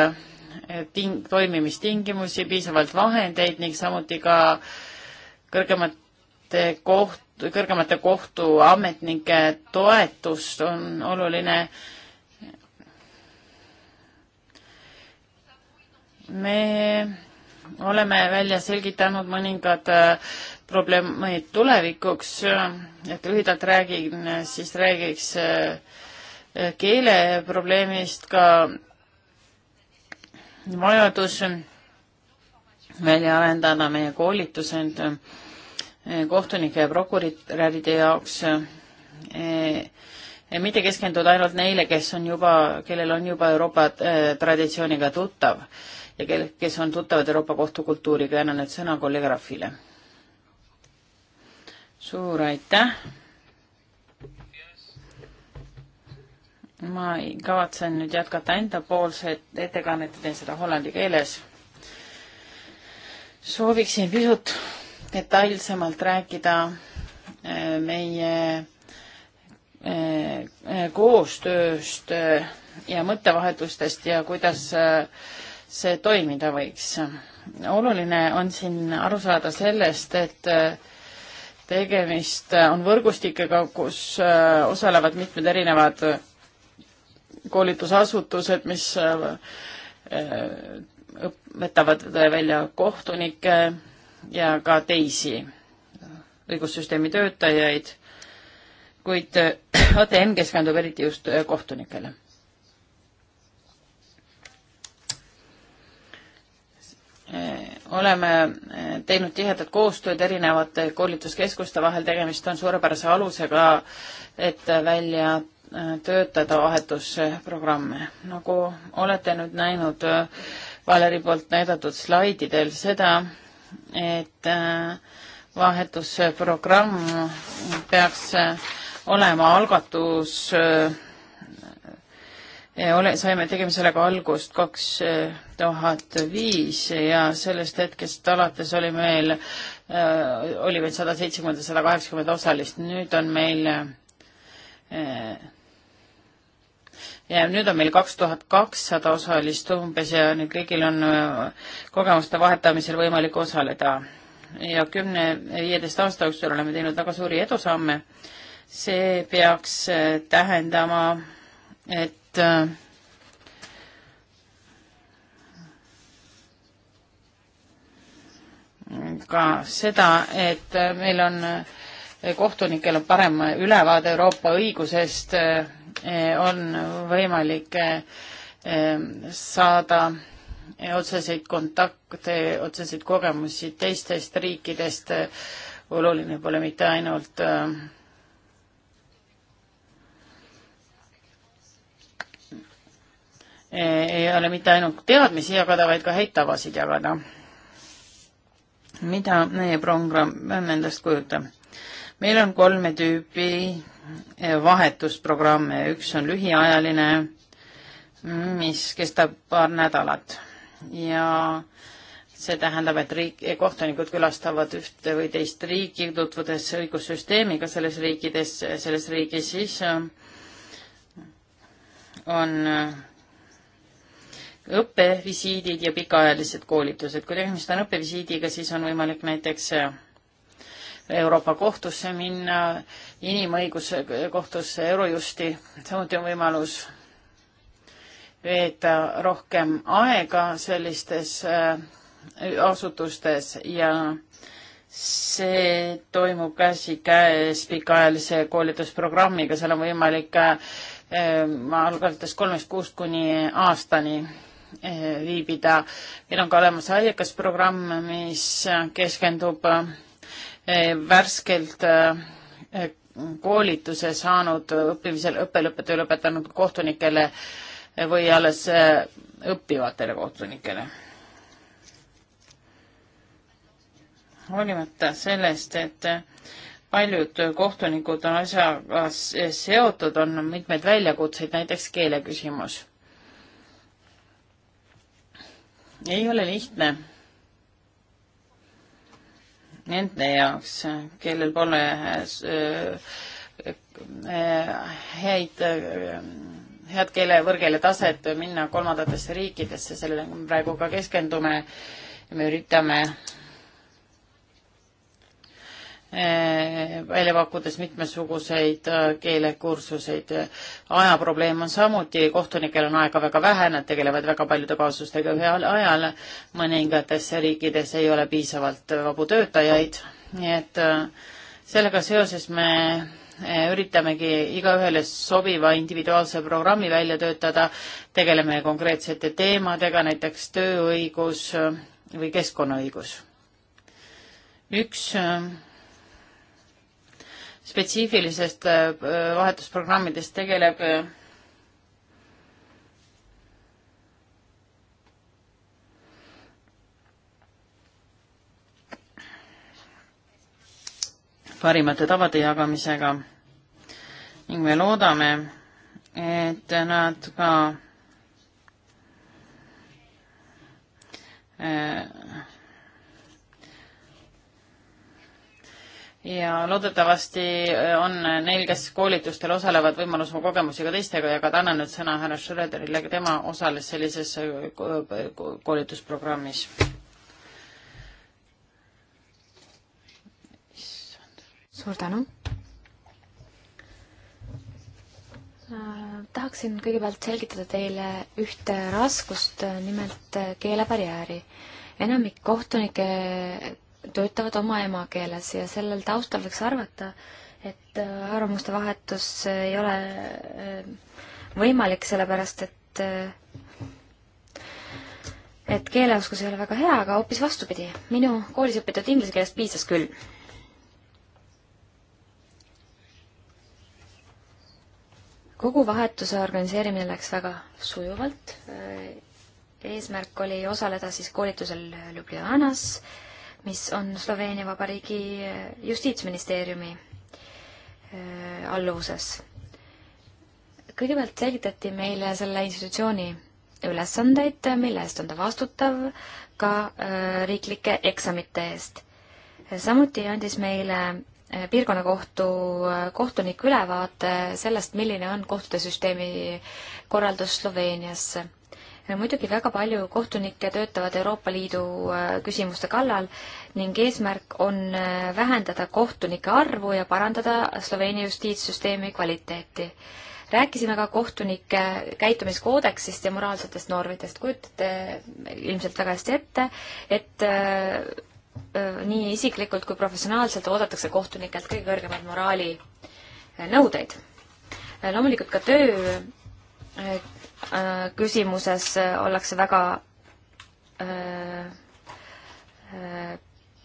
ting-, toimimistingimusi, piisavalt vahendeid ning samuti ka kõrgemate koht-, kõrgemate kohtuametnike toetust on oluline äh, me oleme välja selgitanud mõningad äh, probleemid tulevikuks, et lühidalt räägin, siis räägiks äh, keeleprobleemist ka vajadus välja arendada meie koolitused äh, kohtunike ja prokuröride jaoks ja mitte keskenduda ainult neile, kes on juba, kellel on juba Euroopa traditsiooniga tuttav ja kel-, kes on tuttavad Euroopa Kohtu kultuuriga ja annan nüüd sõna kolleeg Rahvile. suur aitäh! ma kavatsen nüüd jätkata endapoolset ettekannet ja teen seda hollandi keeles. sooviksin pisut detailsemalt rääkida äh, meie äh, äh, koostööst ja mõttevahetustest ja kuidas see toimida võiks. oluline on siin aru saada sellest, et äh, tegemist äh, on võrgustikega, kus äh, osalevad mitmed erinevad koolitusasutused, mis õpetavad välja kohtunikke ja ka teisi õigussüsteemi töötajaid, kuid ATM keskendub eriti just kohtunikele. Äh, oleme äh, teinud tihedat koostööd erinevate koolituskeskuste vahel, tegemist on suurepärase alusega, et välja äh, töötada vahetusprogramme. nagu olete nüüd näinud Valeri poolt näidatud slaididel seda, et vahetusprogramm peaks olema algatus Eh, ole, saime tegema sellega algust kaks eh, tuhat viis ja sellest hetkest alates oli meil, eh, oli meil sada seitsekümmend ja sada kaheksakümmend osalist, nüüd on meil ja nüüd on meil kaks tuhat kakssada osalist umbes ja nüüd kõigil on kogemuste vahetamisel võimalik osaleda. ja kümne, viieteist aasta jooksul oleme teinud väga suuri edusamme. see peaks tähendama, et et äh, ka seda, et äh, meil on, äh, kohtunikel on parem ülevaade Euroopa õigusest, on võimalik saada otseseid kontakte, otseseid kogemusi teistest riikidest. oluline pole mitte ainult äh, ei ole mitte ainult teadmisi jagada, vaid ka häid tavasid jagada. mida meie programm endast kujutab? meil on kolme tüüpi vahetusprogramme, üks on lühiajaline, mis kestab paar nädalat ja see tähendab, et riik, kohtunikud külastavad ühte või teist riiki, tutvudes õigussüsteemiga selles riikides, selles riigis, siis äh, on äh, õppevisiidid ja pikaajalised koolitused. kui tegemist on õppevisiidiga, siis on võimalik näiteks äh, Euroopa kohtusse minna, inimõiguse kohtusse, Eurojusti, samuti on võimalus veeta rohkem aega sellistes äh, asutustes ja see toimub käsikäes pikaajalise koolitusprogrammiga, seal on võimalik äh, äh algates kolmest kuust kuni aastani Eh, viibida. meil on ka olemas haigekas programm, mis keskendub eh, värskelt eh, koolituse saanud õppimisel õppelõpetöö lõpetanud kohtunikele või alles õppivatele kohtunikele. hoolimata sellest, et paljud kohtunikud on asjaga seotud, on mitmeid väljakutseid, näiteks keeleküsimus ei ole lihtne nende jaoks, kellel pole äh, häid, äh, head keele, võõrkeele taset minna kolmandatesse riikidesse, sellele me praegu ka keskendume. me üritame välja pakkudes mitmesuguseid äh, keelekursuseid. ajaprobleem on samuti, kohtunikel on aega väga vähe, nad tegelevad väga paljude kaasustega ühel ajal, mõningates riikides ei ole piisavalt vabu töötajaid, nii et äh, sellega seoses me äh, üritamegi igaühele sobiva individuaalse programmi välja töötada, tegeleme konkreetsete teemadega, näiteks tööõigus või keskkonnaõigus. üks spetsiifilisest äh, vahetusprogrammidest tegeleb äh, parimate tavade jagamisega ning me loodame, et nad ka äh, ja loodetavasti äh, on neil, kes koolitustel osalevad, võimalus oma kogemusi ka teistega jagada. annan nüüd sõna härra Schröderile, tema osales sellises äh, äh, koolitusprogrammis. suur tänu. tahaksin kõigepealt selgitada teile ühte raskust, nimelt keelebarjääri. enamik kohtunike töötavad oma emakeeles ja sellel taustal võiks arvata, et äh, arvamuste vahetus ei ole äh, võimalik, sellepärast et äh, et keeleoskus ei ole väga hea, aga hoopis vastupidi, minu koolis õpitud inglise keelest piisas küll. kogu vahetuse organiseerimine läks väga sujuvalt. eesmärk oli osaleda siis koolitusel Ljubljanas äh, mis on Sloveenia Vabariigi justiitsministeeriumi äh, alluvuses. kõigepealt selgitati meile selle institutsiooni ülesandeid, mille eest on ta vastutav ka äh, riiklike eksamite eest. samuti andis meile äh, piirkonnakohtu kohtunik ülevaate sellest, milline on kohtute süsteemi korraldus Sloveenias muidugi väga palju kohtunikke töötavad Euroopa Liidu äh, küsimuste kallal ning eesmärk on äh, vähendada kohtunike arvu ja parandada Sloveenia justiitssüsteemi kvaliteeti. rääkisime ka kohtunike käitumiskoodeksist ja moraalsetest normidest, kujutate äh, ilmselt väga hästi ette, et nii isiklikult kui professionaalselt oodatakse kohtunikelt kõige kõrgemaid moraali nõudeid. loomulikult ka töö Äh, küsimuses äh, ollakse väga äh,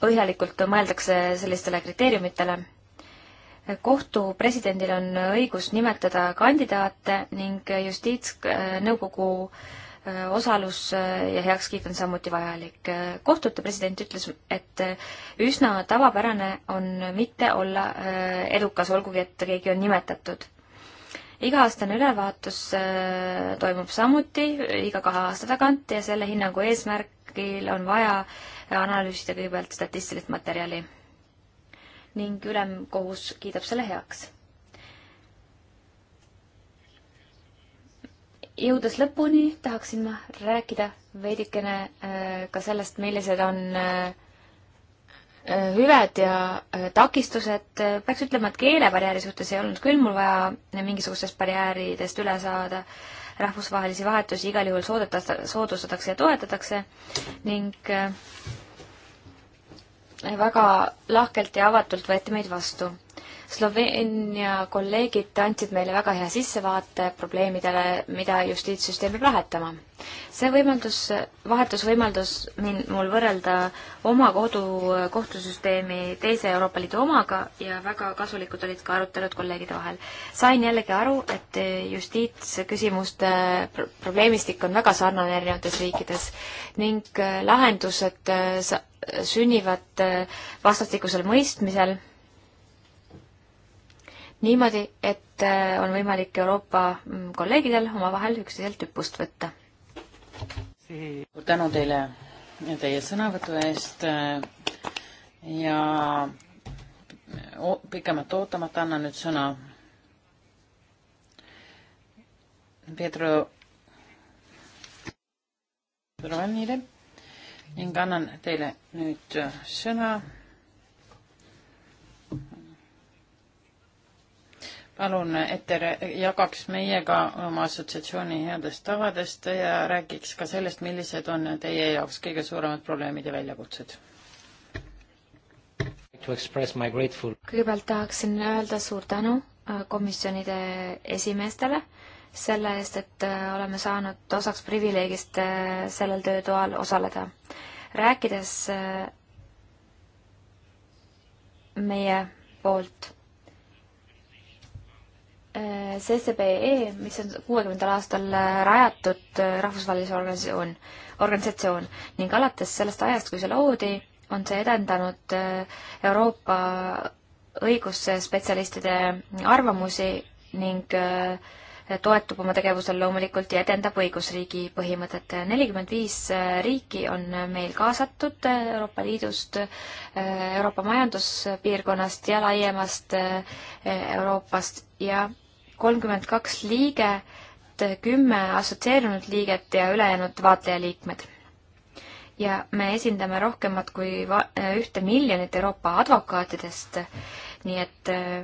põhjalikult mõeldakse sellistele kriteeriumitele. kohtu presidendil on õigus nimetada kandidaate ning justiitsnõukogu osalus ja heakskiit on samuti vajalik. kohtute president ütles, et üsna tavapärane on mitte olla edukas, olgugi et keegi on nimetatud iga-aastane ülevaatus äh, toimub samuti iga kahe aasta tagant ja selle hinnangu eesmärgil on vaja analüüsida kõigepealt statistilist materjali. ning ülemkohus kiidab selle heaks. jõudes lõpuni, tahaksin ma rääkida veidikene äh, ka sellest, millised on äh, Eh, hüved ja eh, takistused, eh, peaks ütlema, et keelebarjääri suhtes ei olnud küll mul vaja mingisugustest barjääridest üle saada, rahvusvahelisi vahetusi igal juhul soodetast-, soodustatakse ja toetatakse ning väga lahkelt ja avatult võeti meid vastu Sloveenia kolleegid andsid meile väga hea sissevaate probleemidele, mida justiitssüsteem peab lahetama. see võimaldus, vahetus võimaldus mul võrrelda oma kodu kohtusüsteemi teise Euroopa Liidu omaga ja väga kasulikud olid ka arutelud kolleegide vahel. sain jällegi aru, et justiitsküsimuste probleemistik on väga sarnane erinevates riikides ning lahendused äh, sünnivad äh, vastastikusel mõistmisel niimoodi, et äh, on võimalik Euroopa mm, kolleegidel omavahel üksteiselt hüppust võtta. suur tänu teile ja teie sõnavõtu eest äh, ja pikemalt ootamata annan nüüd sõna Pedro Giovannile ning annan teile nüüd sõna palun, et te jagaks meiega oma assotsiatsiooni headest tavadest ja räägiks ka sellest, millised on teie jaoks kõige suuremad probleemid ja väljakutsed. kõigepealt tahaksin öelda suur tänu äh, komisjonide esimeestele selle eest, et äh, oleme saanud osaks privileegist äh, sellel töötoal osaleda. rääkides meie poolt CCBE, mis on kuuekümnendal aastal äh, rajatud äh, rahvusvahelise organisatsioon, organisatsioon ning alates sellest ajast, kui see loodi, on see edendanud äh, Euroopa õigusspetsialistide arvamusi ning toetub oma tegevusel loomulikult ja edendab õigusriigi põhimõtet. nelikümmend viis riiki on meil kaasatud Euroopa Liidust, Euroopa Majanduspiirkonnast ja laiemast Euroopast ja kolmkümmend kaks liiget, kümme assotsieerunud liiget ja ülejäänud vaatlejaliikmed. ja me esindame rohkemat kui ühte miljonit Euroopa advokaatidest, nii et äh,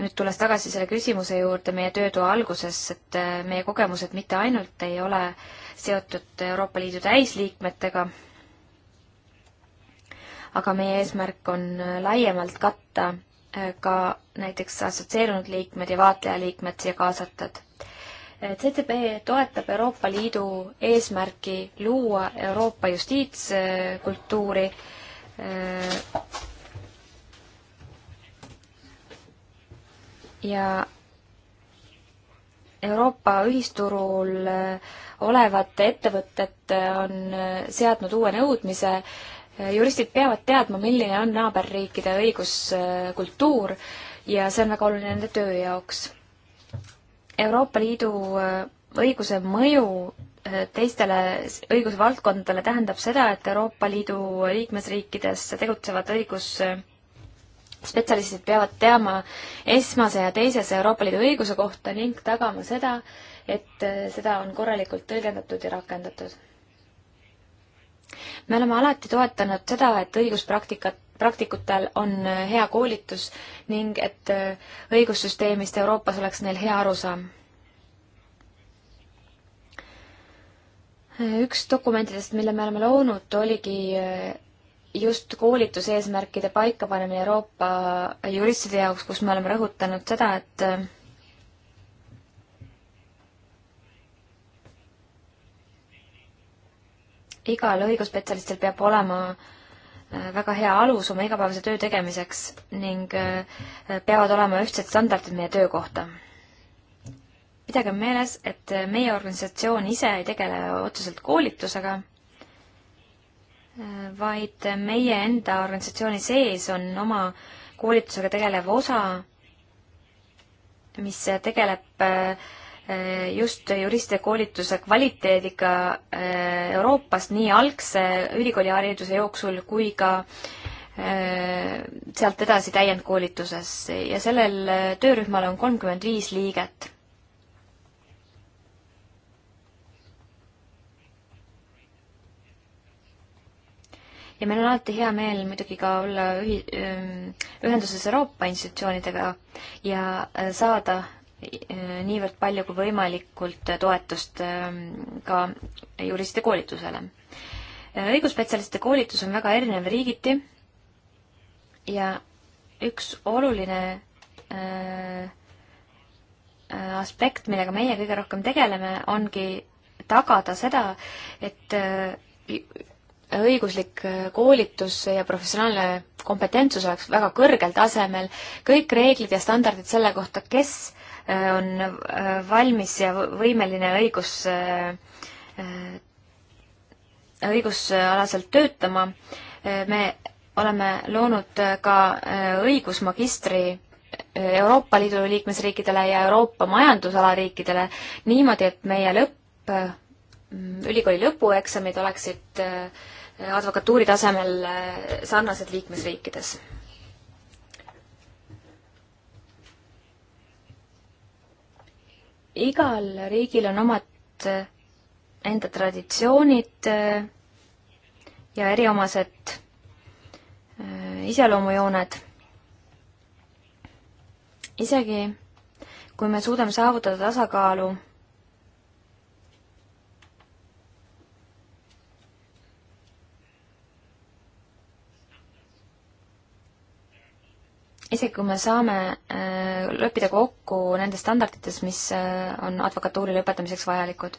nüüd tulles tagasi selle küsimuse juurde meie töötoa alguses, et äh, meie kogemused mitte ainult ei ole seotud Euroopa Liidu täisliikmetega, aga meie eesmärk on äh, laiemalt katta Äh, ka näiteks assotsieerunud liikmed ja vaatlejaliikmed siia kaasatud. Äh, CCP toetab Euroopa Liidu eesmärki luua Euroopa justiitskultuuri äh, ja Euroopa ühisturul olevad ettevõtted on seadnud uue nõudmise äh, Äh, juristid peavad teadma, milline on naaberriikide õiguskultuur äh, ja see on väga oluline nende töö jaoks. Euroopa Liidu äh, õiguse mõju teistele õigusvaldkondadele tähendab seda, et Euroopa Liidu liikmesriikides tegutsevad õigus spetsialistid peavad teama esmase ja teisese Euroopa Liidu õiguse kohta ning tagama seda, et seda on korralikult tõlgendatud ja rakendatud me oleme alati toetanud seda, et õiguspraktikat praktikutel on äh, hea koolitus ning et äh, õigussüsteemist Euroopas oleks neil hea arusaam. Äh, üks dokumentidest, mille me oleme loonud, oligi just koolituseesmärkide paikapanemine Euroopa juristide jaoks, kus me oleme rõhutanud seda, et igal õigusspetsialistil peab olema äh, väga hea alus oma igapäevase töö tegemiseks ning äh, peavad olema ühtsed standardid meie töö kohta. pidage meeles, et äh, meie organisatsioon ise ei tegele otseselt koolitusega, vaid meie enda organisatsiooni sees on oma koolitusega tegelev osa, mis tegeleb äh, just juristide koolituse kvaliteediga äh, Euroopas nii algse ülikoolihariduse jooksul kui ka äh, sealt edasi täiendkoolituses ja sellel äh, töörühmal on kolmkümmend viis liiget. ja meil on alati hea meel muidugi ka olla ühi-, ühenduses Euroopa institutsioonidega ja saada niivõrd palju kui võimalikult toetust ähm, ka juristide koolitusele. Äh, õigusspetsialistide koolitus on väga erinev riigiti ja üks oluline äh, äh, aspekt, millega meie kõige rohkem tegeleme, ongi tagada seda, et õiguslik koolitus ja professionaalne kompetentsus oleks väga kõrgel tasemel, kõik reeglid ja standardid selle kohta, kes Äh, on äh, valmis ja võimeline õigus, äh, õigusalaselt töötama. me oleme loonud ka õigusmagistri Euroopa Liidu liikmesriikidele ja Euroopa majandusalariikidele niimoodi, et meie lõpp, ülikooli lõpueksamid oleksid advokatuuri tasemel sarnased liikmesriikides igal riigil on omad eh, enda traditsioonid eh, ja eriomased eh, iseloomujooned. isegi kui me suudame saavutada tasakaalu isegi kui me saame äh, leppida kokku nendes standardites, mis äh, on advokatuuri lõpetamiseks vajalikud.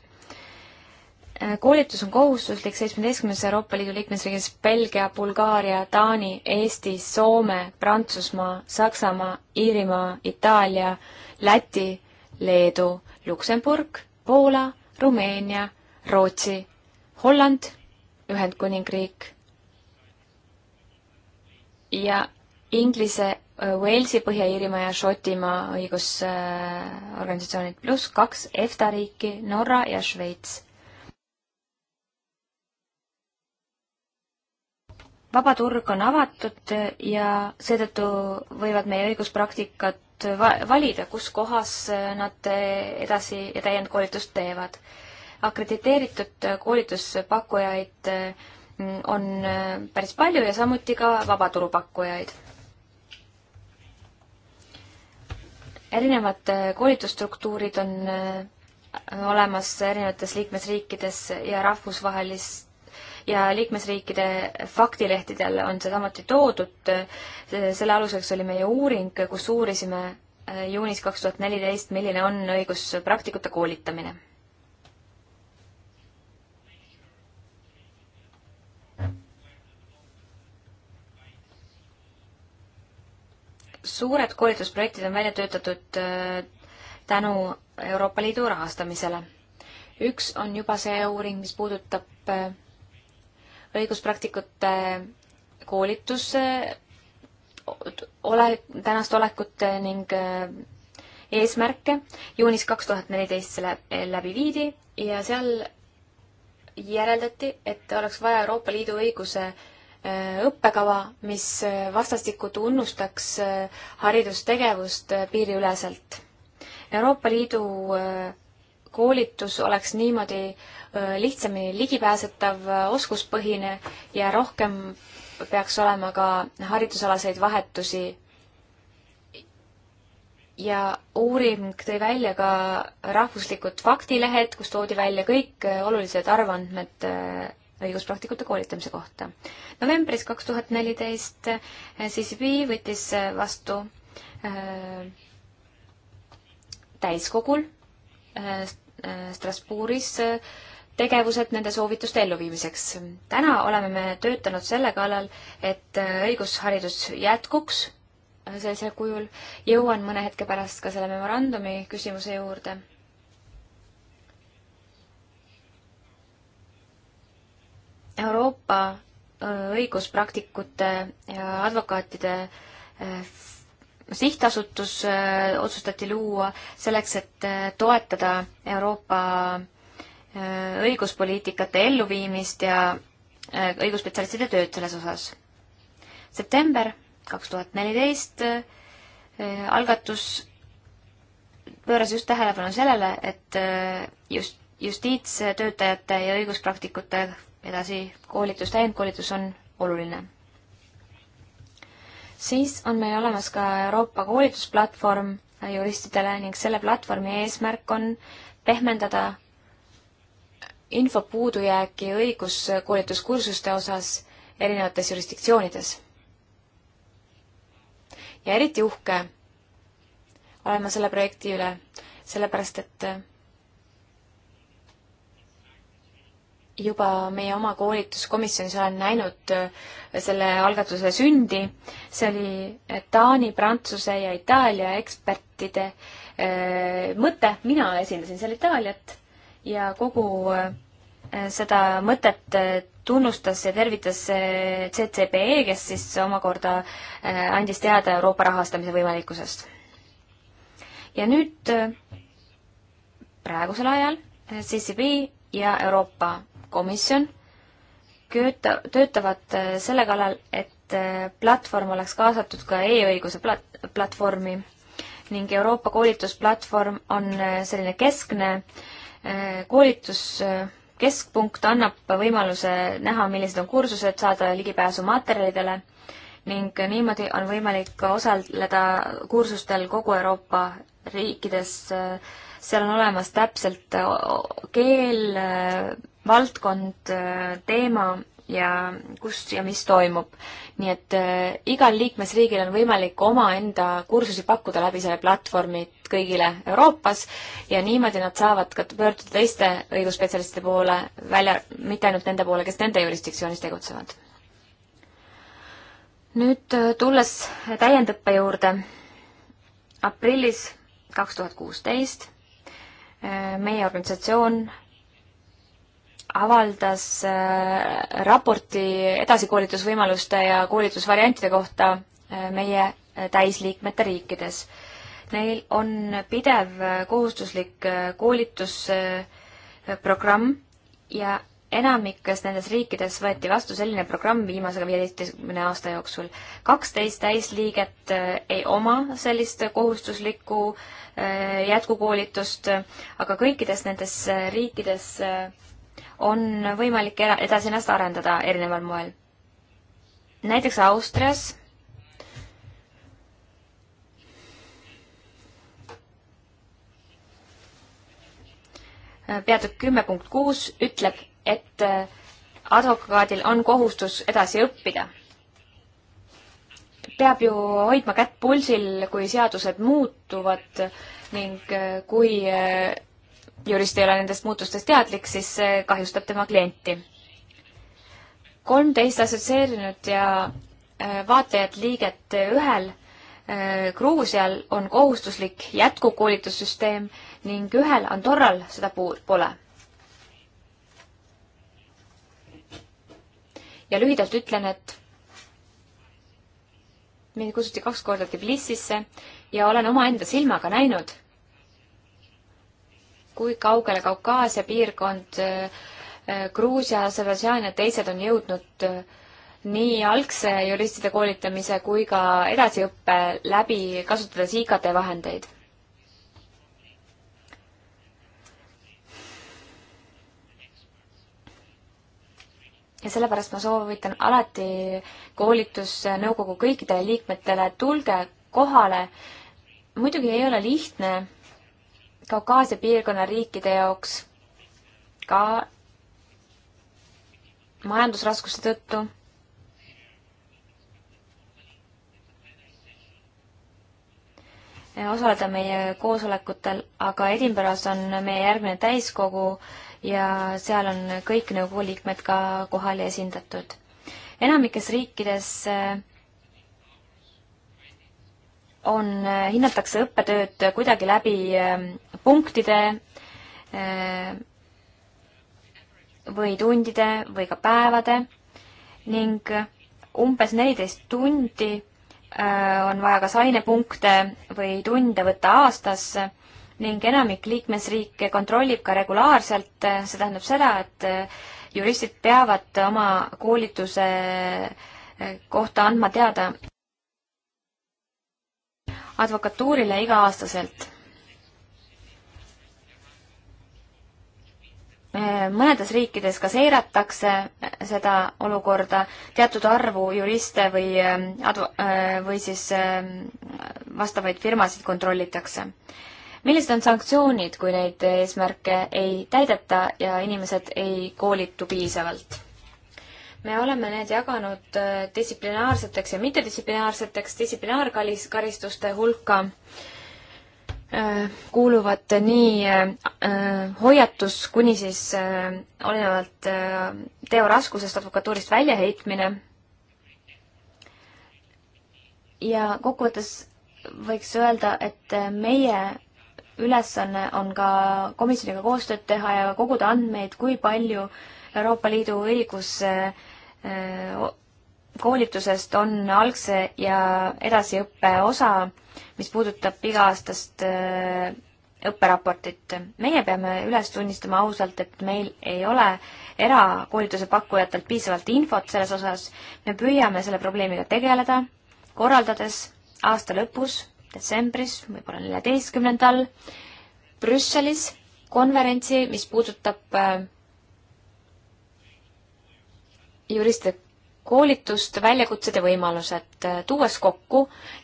Äh, koolitus on kohustuslik seitsmeteistkümnes Euroopa Liidu liikmesriigis Belgia, Bulgaaria, Taani, Eesti, Soome, Prantsusmaa, Saksamaa, Iirimaa, Itaalia, Läti, Leedu, Luksemburg, Poola, Rumeenia, Rootsi, Holland, Ühendkuningriik ja Inglise, äh, Walesi, Põhja-Iirimaa ja Šotimaa õigusorganisatsioonid pluss kaks EFTA riiki, Norra ja Šveits. vaba turg on avatud äh, ja seetõttu võivad meie õiguspraktikat valida, kus kohas äh, nad edasi ja täiendkoolitust teevad. akrediteeritud koolituspakkujaid on päris palju ja samuti ka vabaturupakkujaid erinevad äh, koolitusstruktuurid on äh, olemas erinevates liikmesriikides ja rahvusvahelist ja liikmesriikide faktilehtedel on see samuti toodud. selle aluseks oli meie uuring, kus uurisime äh, juunis kaks tuhat neliteist, milline on õiguspraktikute koolitamine. suured koolitusprojektid on välja töötatud äh, tänu Euroopa Liidu rahastamisele. üks on juba see uuring, mis puudutab äh, õiguspraktikute koolitusse äh, ole, tänast olekut ning eesmärke. juunis kaks tuhat neliteist selle läbi viidi ja seal järeldati, et oleks vaja Euroopa Liidu õiguse äh, õppekava, mis äh, vastastikku tunnustaks äh, haridustegevust äh, piiriüleselt. Euroopa Liidu koolitus oleks niimoodi lihtsamini ligipääsetav, oskuspõhine ja rohkem peaks olema ka haridusalaseid vahetusi ja uuring tõi välja ka rahvuslikud faktilehed, kus toodi välja kõik olulised arvandmed õiguspraktikute koolitamise kohta. novembris kaks tuhat neliteist eh, CCP võttis eh, vastu äh, täiskogul äh, Strasbourgis äh, tegevused nende soovituste elluviimiseks. täna oleme me töötanud selle kallal, et õigusharidus jätkuks sellisel kujul. jõuan mõne hetke pärast ka selle memorandumi küsimuse juurde Euroopa äh, õiguspraktikute ja advokaatide äh, sihtasutus äh, otsustati luua selleks, et toetada Euroopa õiguspoliitikate elluviimist ja õigusspetsialistide tööd selles osas. september kaks tuhat neliteist algatus pööras just tähelepanu sellele, et just justiitstöötajate ja õiguspraktikute edasi koolitus, täiendkoolitus on oluline. siis on meil olemas ka Euroopa koolitusplatvorm juristidele ning selle platvormi eesmärk on pehmendada info puudujääki õiguskoolituskursuste osas erinevates jurisdiktsioonides. ja eriti uhke olen ma selle projekti üle, sellepärast et juba meie oma koolituskomisjonis olen näinud äh, selle algatuse sündi. see oli äh, Taani, Prantsuse ja Itaalia ekspertide äh, mõte, mina esindasin seal Itaaliat ja kogu seda mõtet tunnustas ja tervitas CCPE, kes siis omakorda andis teada Euroopa rahastamise võimalikkusest. ja nüüd praegusel ajal CCP e ja Euroopa komisjon kööta-, töötavad äh, selle kallal, et äh, platvorm oleks kaasatud ka e-õiguse plat-, platvormi ning Euroopa koolitusplatvorm on äh, selline keskne koolituskeskpunkt, annab võimaluse näha, millised on kursused, saada ligipääsu materjalidele ning niimoodi on võimalik osaleda kursustel kogu Euroopa riikides äh, seal on olemas täpselt äh, keel, äh, valdkond, äh, teema ja kus ja mis toimub. nii et igal liikmesriigil on võimalik omaenda kursusi pakkuda läbi selle platvormi kõigile Euroopas ja niimoodi nad saavad ka pöörduda teiste õigusspetsialistide poole välja, mitte ainult nende poole, kes nende jurisdiktsioonis tegutsevad. nüüd tulles täiendõppe juurde, aprillis kaks tuhat kuusteist meie organisatsioon avaldas äh, raporti edasikoolitusvõimaluste ja koolitusvariantide kohta äh, meie äh, täisliikmete riikides. Neil on pidev kohustuslik koolitusprogramm ja enamikes nendes riikides võeti vastu selline programm viimase viieteistkümne aasta jooksul. kaksteist täisliiget eh, ei oma sellist kohustuslikku eh, jätkukoolitust, aga kõikides nendes eh, riikides on võimalik edasi ennast arendada erineval moel. näiteks Austrias peatükk kümme punkt kuus ütleb, et äh, advokaadil on kohustus edasi õppida. peab ju hoidma kätt pulsil, kui seadused muutuvad ning äh, kui äh, jurist ei ole nendest muutustest teadlik, siis see kahjustab tema klienti. kolmteist assotsieerinud ja vaatlejat liiget ühel Gruusial on kohustuslik jätkukoolitussüsteem ning ühel Andorral seda pole ja lühidalt ütlen, et mind kutsuti kaks korda Tbilisisse ja olen omaenda silmaga näinud, kui kaugele Kaukaasia piirkond, äh, Gruusia, Aserbaidžaan ja teised on jõudnud äh, nii algse juristide koolitamise kui ka edasiõppe läbi, kasutades IKT vahendeid. ja sellepärast ma soovitan alati koolitusnõukogu kõikidele liikmetele, tulge kohale. muidugi ei ole lihtne Kaukaasia piirkonna riikide jaoks ka majandusraskuste tõttu. osaleda meie koosolekutel, aga Edinburgh's on meie järgmine täiskogu ja seal on kõik nõukogu liikmed ka kohal ja esindatud. enamikes riikides eh, on, eh, hinnatakse õppetööd kuidagi läbi eh, punktide või tundide või ka päevade ning umbes neliteist tundi on vaja kas ainepunkte või tunde võtta aastas ning enamik liikmesriike kontrollib ka regulaarselt, see tähendab seda, et eh, juristid peavad oma koolituse eh, kohta andma teada advokatuurile iga-aastaselt. Eh, mõnedes riikides ka seiratakse seda olukorda, teatud arvu juriste või adv-, või siis vastavaid firmasid kontrollitakse millised on sanktsioonid, kui neid eesmärke ei täideta ja inimesed ei koolitu piisavalt? me oleme need jaganud äh, distsiplinaarseteks ja mittedistsiplinaarseteks distsiplinaarkaristuste hulka äh, kuuluvad nii äh, hoiatus kuni siis olenevalt teo raskusest advokatuurist väljaheitmine. ja kokkuvõttes võiks öelda, et meie ülesanne on ka komisjoniga koostööd teha ja koguda andmeid, kui palju Euroopa Liidu õigus eh, koolitusest on algse ja edasiõppe osa, mis puudutab iga-aastast eh, õpperaportit. meie peame üles tunnistama ausalt, et meil ei ole erakoolituse pakkujatelt piisavalt infot selles osas. me püüame selle probleemiga tegeleda, korraldades aasta lõpus detsembris, võib-olla neljateistkümnendal Brüsselis konverentsi, mis puudutab äh, juristide koolitust, väljakutsed ja võimalused, äh, tuues kokku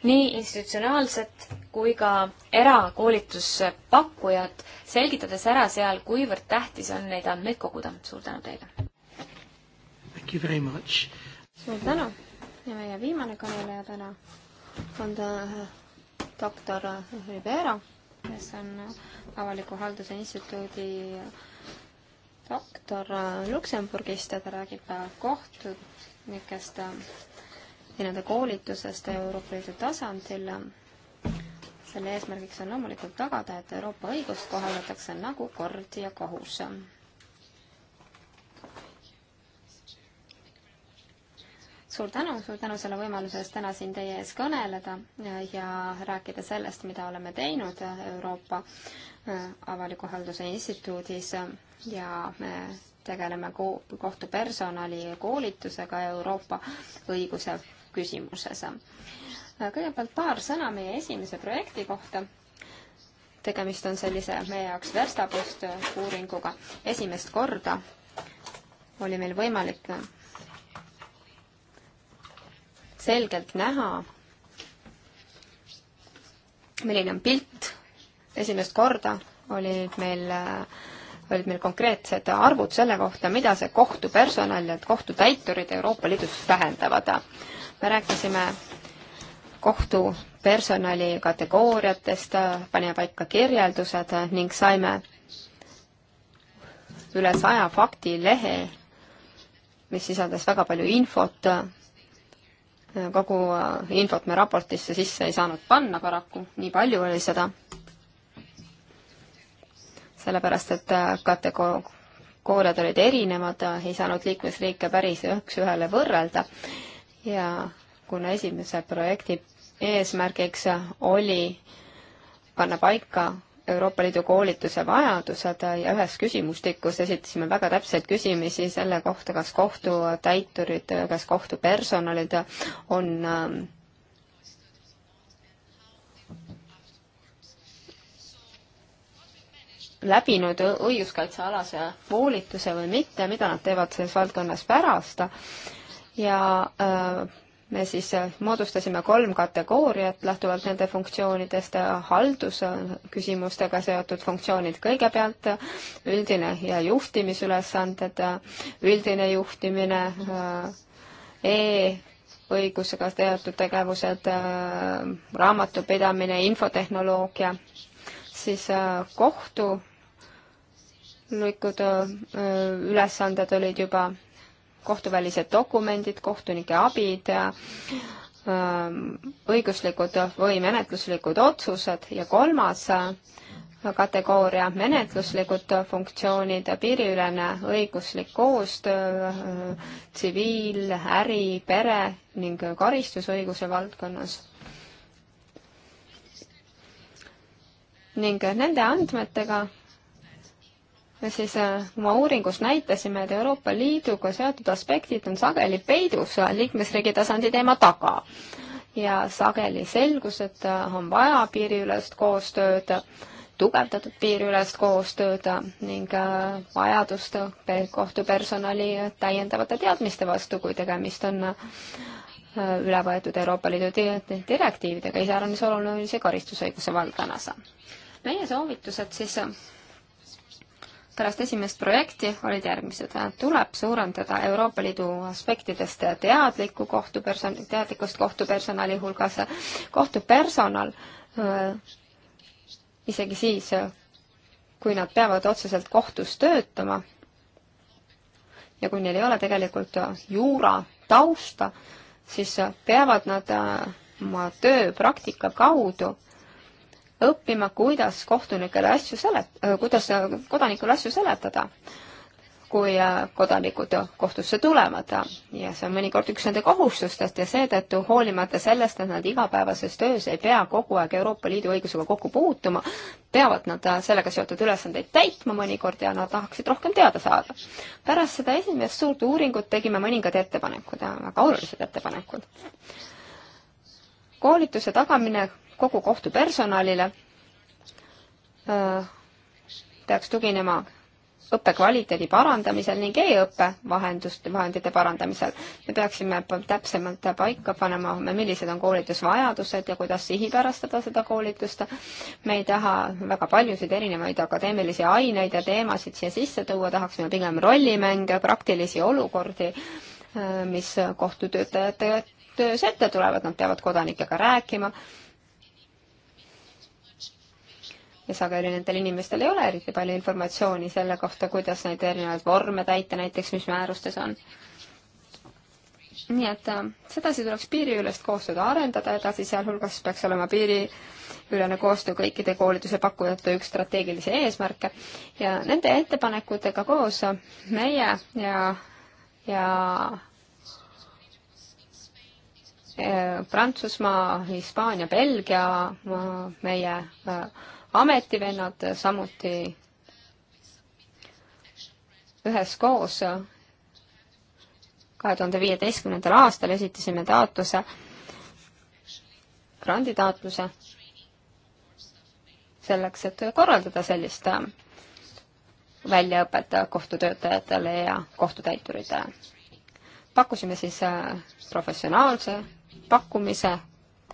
nii institutsionaalsed kui ka erakoolituspakkujad, selgitades ära seal, kuivõrd tähtis on neid andmeid koguda. suur tänu teile! suur tänu ja meie viimane kõneleja täna on ta äh, doktor Rivera, kes on Avaliku Halduse Instituudi doktor Luksemburgist ja ta räägib kohtunikest ja nende koolitusest Euroopa Liidu tasandil. selle eesmärgiks on loomulikult tagada, et Euroopa õigust kohaldatakse nagu kord ja kohus suur tänu, suur tänu selle võimaluse eest täna siin teie ees kõneleda ja, ja rääkida sellest, mida oleme teinud Euroopa äh, avaliku halduse instituudis ja me tegeleme ko kohtupersonali koolitusega Euroopa õiguse küsimuses. Äh, kõigepealt paar sõna meie esimese projekti kohta tegemist on sellise meie jaoks verstapost äh, uuringuga. esimest korda oli meil võimalik selgelt näha, milline on pilt. esimest korda olid meil, olid meil konkreetsed arvud selle kohta, mida see kohtupersonal ja kohtutäiturid Euroopa Liidus tähendavad. me rääkisime kohtupersonali kategooriatest, panime paika kirjeldused ning saime üle saja faktilehe, mis sisaldas väga palju infot kogu äh, infot me raportisse sisse ei saanud panna paraku, nii palju oli seda. sellepärast, et äh, kategooriad olid erinevad, äh, ei saanud liikmesriike päris üks-ühele võrrelda ja kuna esimese projekti eesmärgiks oli panna paika Euroopa Liidu koolituse vajadused ja ühes küsimustikus esitasime väga täpseid küsimusi selle kohta, kas kohtutäiturid, kas kohtupersonalid on ähm, läbinud õiguskaitsealase koolituse või mitte, mida nad teevad selles valdkonnas pärast ja äh, me siis äh, moodustasime kolm kategooriat lähtuvalt nende funktsioonidest, äh, haldusküsimustega äh, seotud funktsioonid kõigepealt, üldine ja juhtimisülesanded, üldine juhtimine e, e-õigusega seotud tegevused, raamatupidamine, infotehnoloogia, siis kohtu lõikud, ülesanded olid juba kohtuvälised dokumendid, kohtunike abid, ähm, õiguslikud või menetluslikud otsused ja kolmas äh, kategooria menetluslikud funktsioonid, piiriülene õiguslik koostöö, äh, tsiviil, äri, pere ning karistusõiguse valdkonnas ning nende andmetega siis oma äh, uuringus näitasime, et Euroopa Liiduga seotud aspektid on sageli peidus äh, liikmesriigi tasandi teema taga. ja sageli selgus, et äh, on vaja piiriülest koostööd, tugevdatud piiriülest koostööd ning vajadust kohtupersonali täiendavate teadmiste vastu, kui tegemist on üle võetud Euroopa Liidu direktiividega, iseäranis oluline oli see karistusõiguse valdkonnas. meie soovitused siis pärast esimest projekti olid järgmised. tuleb suurendada Euroopa Liidu aspektidest teadlikku kohtuperson-, teadlikkust kohtupersonali hulgas. kohtupersonal äh, isegi siis, kui nad peavad otseselt kohtus töötama ja kui neil ei ole tegelikult juura tausta, siis peavad nad äh, oma tööpraktika kaudu õppima, kuidas kohtunikele asju selet-, äh, kuidas äh, kodanikule asju seletada, kui äh, kodanikud kohtusse tulevad. ja see on mõnikord üks nende kohustustest ja seetõttu hoolimata sellest, et nad igapäevases töös ei pea kogu aeg Euroopa Liidu õigusega kokku puutuma, peavad nad sellega seotud ülesandeid täitma mõnikord ja nad tahaksid rohkem teada saada. pärast seda esimest suurt uuringut tegime mõningad ettepanekud ja väga olulised ettepanekud koolituse tagamine kogu kohtu personalile peaks tuginema õppe kvaliteedi parandamisel ning e-õppe vahenduste, vahendite parandamisel. me peaksime täpsemalt paika panema, millised on koolitusvajadused ja kuidas sihipärastada seda koolitust. me ei taha väga paljusid erinevaid akadeemilisi aineid ja teemasid siia sisse tuua, tahaksime pigem rollimänge, praktilisi olukordi, mis kohtutöötajate töös ette tulevad, nad peavad kodanikega rääkima ja sageli nendel inimestel ei ole eriti palju informatsiooni selle kohta, kuidas neid erinevaid vorme täita näiteks, mis määrustes on. nii et äh, sedasi tuleks piiriülest koostööd arendada edasi, sealhulgas peaks olema piiriülene koostöö kõikide koolituse pakkujate üks strateegilisi eesmärke ja nende ettepanekutega koos meie ja, ja äh, Prantsusmaa, Hispaania, Belgia, meie äh, ametivennad samuti üheskoos kahe tuhande viieteistkümnendal aastal esitasime taotluse, granditaotluse selleks, et korraldada sellist väljaõpet kohtutöötajatele ja kohtutäituritele. pakkusime siis professionaalse pakkumise,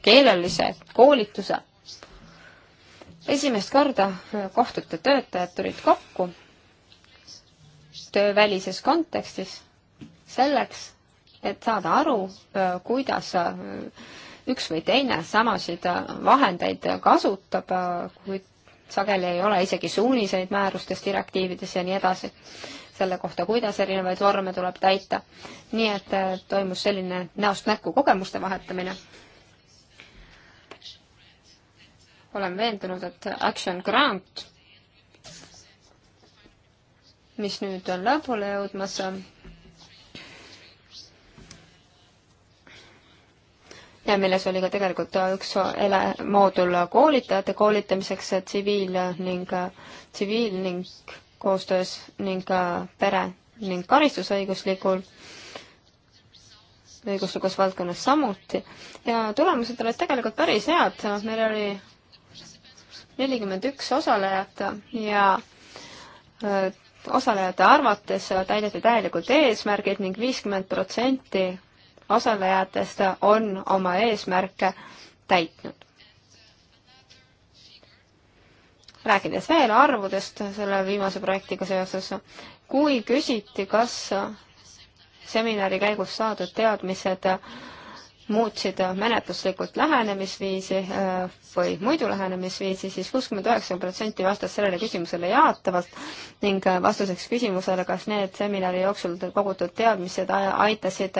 keelelise koolituse esimest korda kohtute töötajad tulid kokku töövälises kontekstis selleks, et saada aru, äh, kuidas äh, üks või teine samasid äh, vahendeid kasutab, kuid sageli ei ole isegi suuniseid määrustes, direktiivides ja nii edasi selle kohta, kuidas erinevaid vorme tuleb täita. nii et toimus selline näost näkku kogemuste vahetamine olen veendunud, et Action Grant, mis nüüd on lõpule jõudmas, ja milles oli ka tegelikult üks ele-, moodul koolitajate koolitamiseks tsiviil ning, tsiviil ning koostöös ning pere ning karistusõiguslikul, õiguslikus valdkonnas samuti. ja tulemused olid tegelikult päris head, meil oli nelikümmend üks osalejat ja äh, osalejate arvates täideti täielikult eesmärgid ning viiskümmend protsenti osalejatest on oma eesmärke täitnud. rääkides veel arvudest selle viimase projektiga seoses, kui küsiti, kas seminari käigus saadud teadmised muutsid äh, menetluslikult lähenemisviisi äh, või muidu lähenemisviisi siis, siis kuuskümmend üheksa protsenti vastas sellele küsimusele jaatavalt ning äh, vastuseks küsimusele, kas need seminari jooksul kogutud teadmised aitasid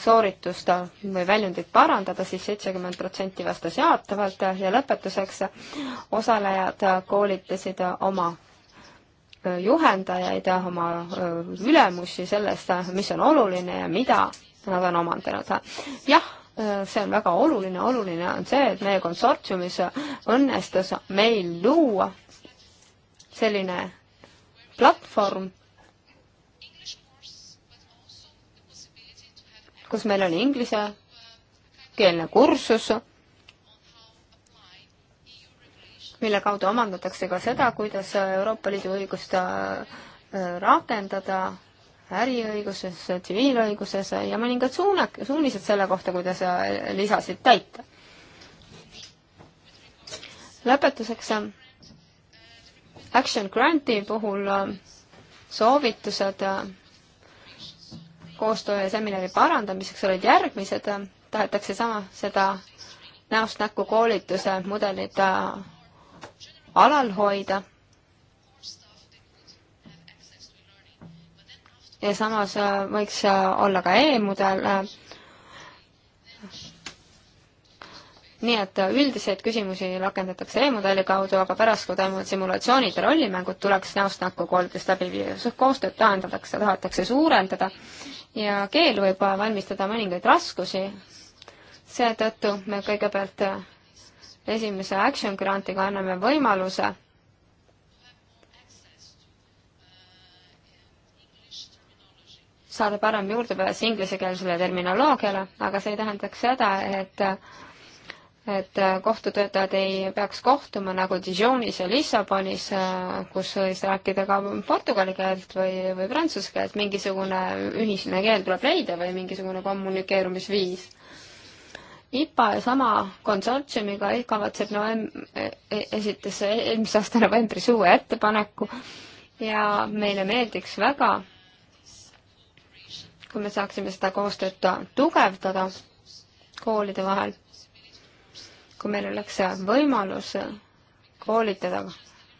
sooritust või väljundit parandada siis, siis seitsekümmend protsenti vastas jaatavalt ja lõpetuseks osalejad koolitasid oma juhendajaid, oma ülemusi sellest, mis on oluline ja mida nad on omandanud. jah, see on väga oluline, oluline on see, et meie konsortsiumis õnnestus meil luua selline platvorm, kus meil oli inglisekeelne kursus, mille kaudu omandatakse ka seda, kuidas Euroopa Liidu õigust rakendada äriõiguses, tsiviilõiguses ja mõningad suunad, suunised selle kohta, kuidas lisasid täita. lõpetuseks Action Granti puhul soovitused koostöö ja seminari parandamiseks olid järgmised, tahetakse sama, seda näost näkku koolituse mudelit äh, alal hoida ja samas äh, võiks äh, olla ka e-mudel. Äh. nii et üldiseid küsimusi rakendatakse e-mudeli kaudu, aga pärast, kui toimuvad simulatsioonid ja rollimängud, tuleks näost näkku koolides läbi viia, koostööd tahendatakse, tahetakse suurendada ja keel võib valmistada mõningaid raskusi, seetõttu me kõigepealt esimese Action Grantiga anname võimaluse saada parem juurdepääs inglisekeelsele terminoloogiale, aga see ei tähendaks seda, et et kohtutöötajad ei peaks kohtuma nagu Dijonis ja Lissabonis, kus võis rääkida ka portugali keelt või, või prantsuse keelt, mingisugune ühisne keel tuleb leida või mingisugune kommunikeerumisviis. IPA ja sama konsortsiumiga kavatseb novem-, e, e, esitas eelmise aasta novembris uue ettepaneku ja meile meeldiks väga, kui me saaksime seda koostööd tugevdada koolide vahel, kui meil oleks võimalus koolitada,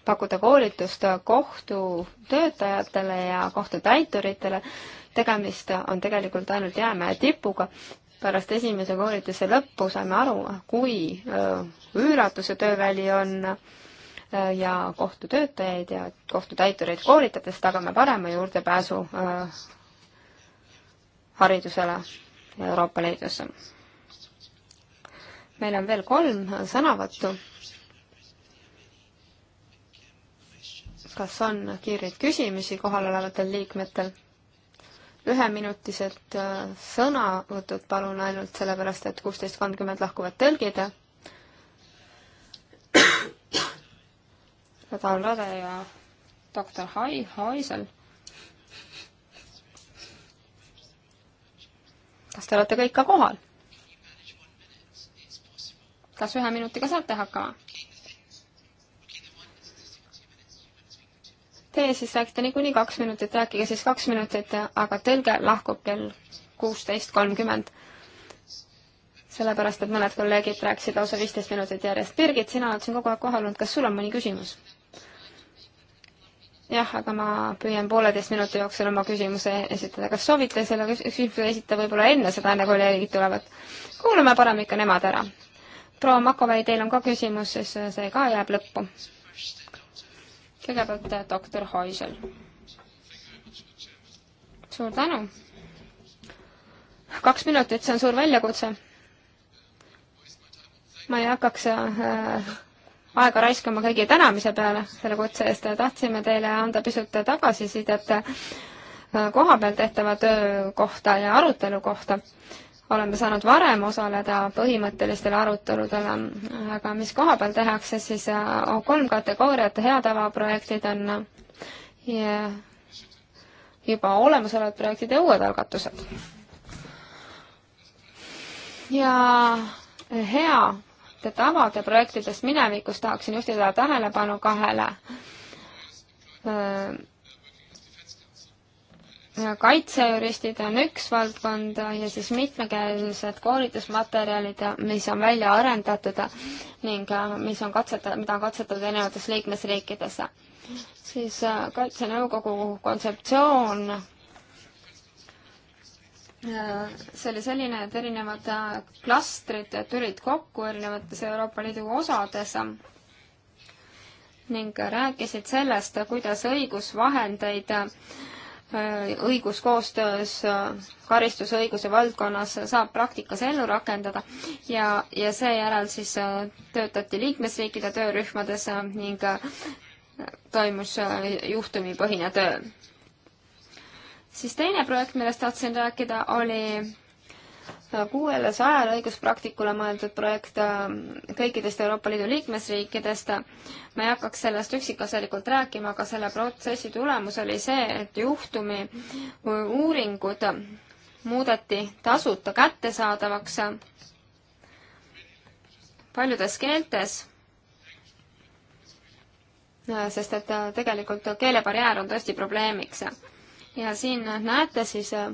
pakkuda koolitust kohtutöötajatele ja kohtutäituritele, tegemist on tegelikult ainult jäämäe tipuga, pärast esimese koolituse lõppu saime aru, kui äh, üüratuse tööväli on äh, ja kohtutöötajaid ja kohtutäitureid koolitades tagame parema juurdepääsu äh, haridusele Euroopa Liidus. meil on veel kolm sõnavõttu. kas on kiireid küsimusi kohalolevatel liikmetel? üheminutised äh, sõnavõtud palun ainult sellepärast, et kuusteist kolmkümmend lahkuvad tõlgid. Nadal Rade ja doktor Hai, Haisel kas te olete kõik ka kohal? kas ühe minutiga saate hakkama? Teie siis räägite niikuinii kaks minutit, rääkige siis kaks minutit, aga tõlge lahkub kell kuusteist kolmkümmend. sellepärast, et mõned kolleegid rääkisid lausa viisteist minutit järjest. Birgit, sina oled siin kogu aeg kohal olnud, kas sul on mõni küsimus? jah, aga ma püüan pooleteist minuti jooksul oma küsimuse esitada. kas soovite selle küsimuse esitada võib-olla enne seda, enne kui kolleegid tulevad? kuulame parem ikka nemad ära. proua Makovei, teil on ka küsimus, siis see ka jääb lõppu. kõigepealt äh, doktor Hoisel. suur tänu. kaks minutit, see on suur väljakutse. ma ei hakkaks äh, aega raiskama kõigi tänamise peale selle kutse eest. tahtsime teile anda pisut tagasisidet äh, kohapeal tehtava töö kohta ja arutelu kohta. oleme saanud varem osaleda põhimõttelistele aruteludele, aga mis kohapeal tehakse, siis äh, kolm kategooriat, hea tava projektid on äh, juba olemasolevad projektid ja uued algatused. ja hea heade tavade projektidest minevikus tahaksin juhtida tähelepanu kahele kaitsejuristid on üks valdkond ja siis mitmekeelsed koolitusmaterjalid, mis on välja arendatud ning äh, mis on katseta-, mida on katsetatud erinevates liikmesriikides. siis äh, Kaitsenõukogu kontseptsioon see oli selline, et erinevad äh, klastrid tulid kokku erinevates Euroopa Liidu osades äh, ning rääkisid sellest, kuidas õigusvahendeid äh, õiguskoostöös karistusõiguse valdkonnas saab praktikas ellu rakendada ja, ja seejärel siis töötati liikmesriikide töörühmades ning toimus juhtumipõhine töö siis teine projekt, millest tahtsin rääkida, oli äh, kuuele sajale õiguspraktikule mõeldud projekt äh, kõikidest Euroopa Liidu liikmesriikidest. ma ei hakkaks sellest üksikasjalikult rääkima, aga selle protsessi tulemus oli see, et juhtumi uuringud muudeti tasuta kättesaadavaks paljudes keeltes, sest et äh, tegelikult keelebarjäär on tõesti probleemiks ja siin näete siis äh,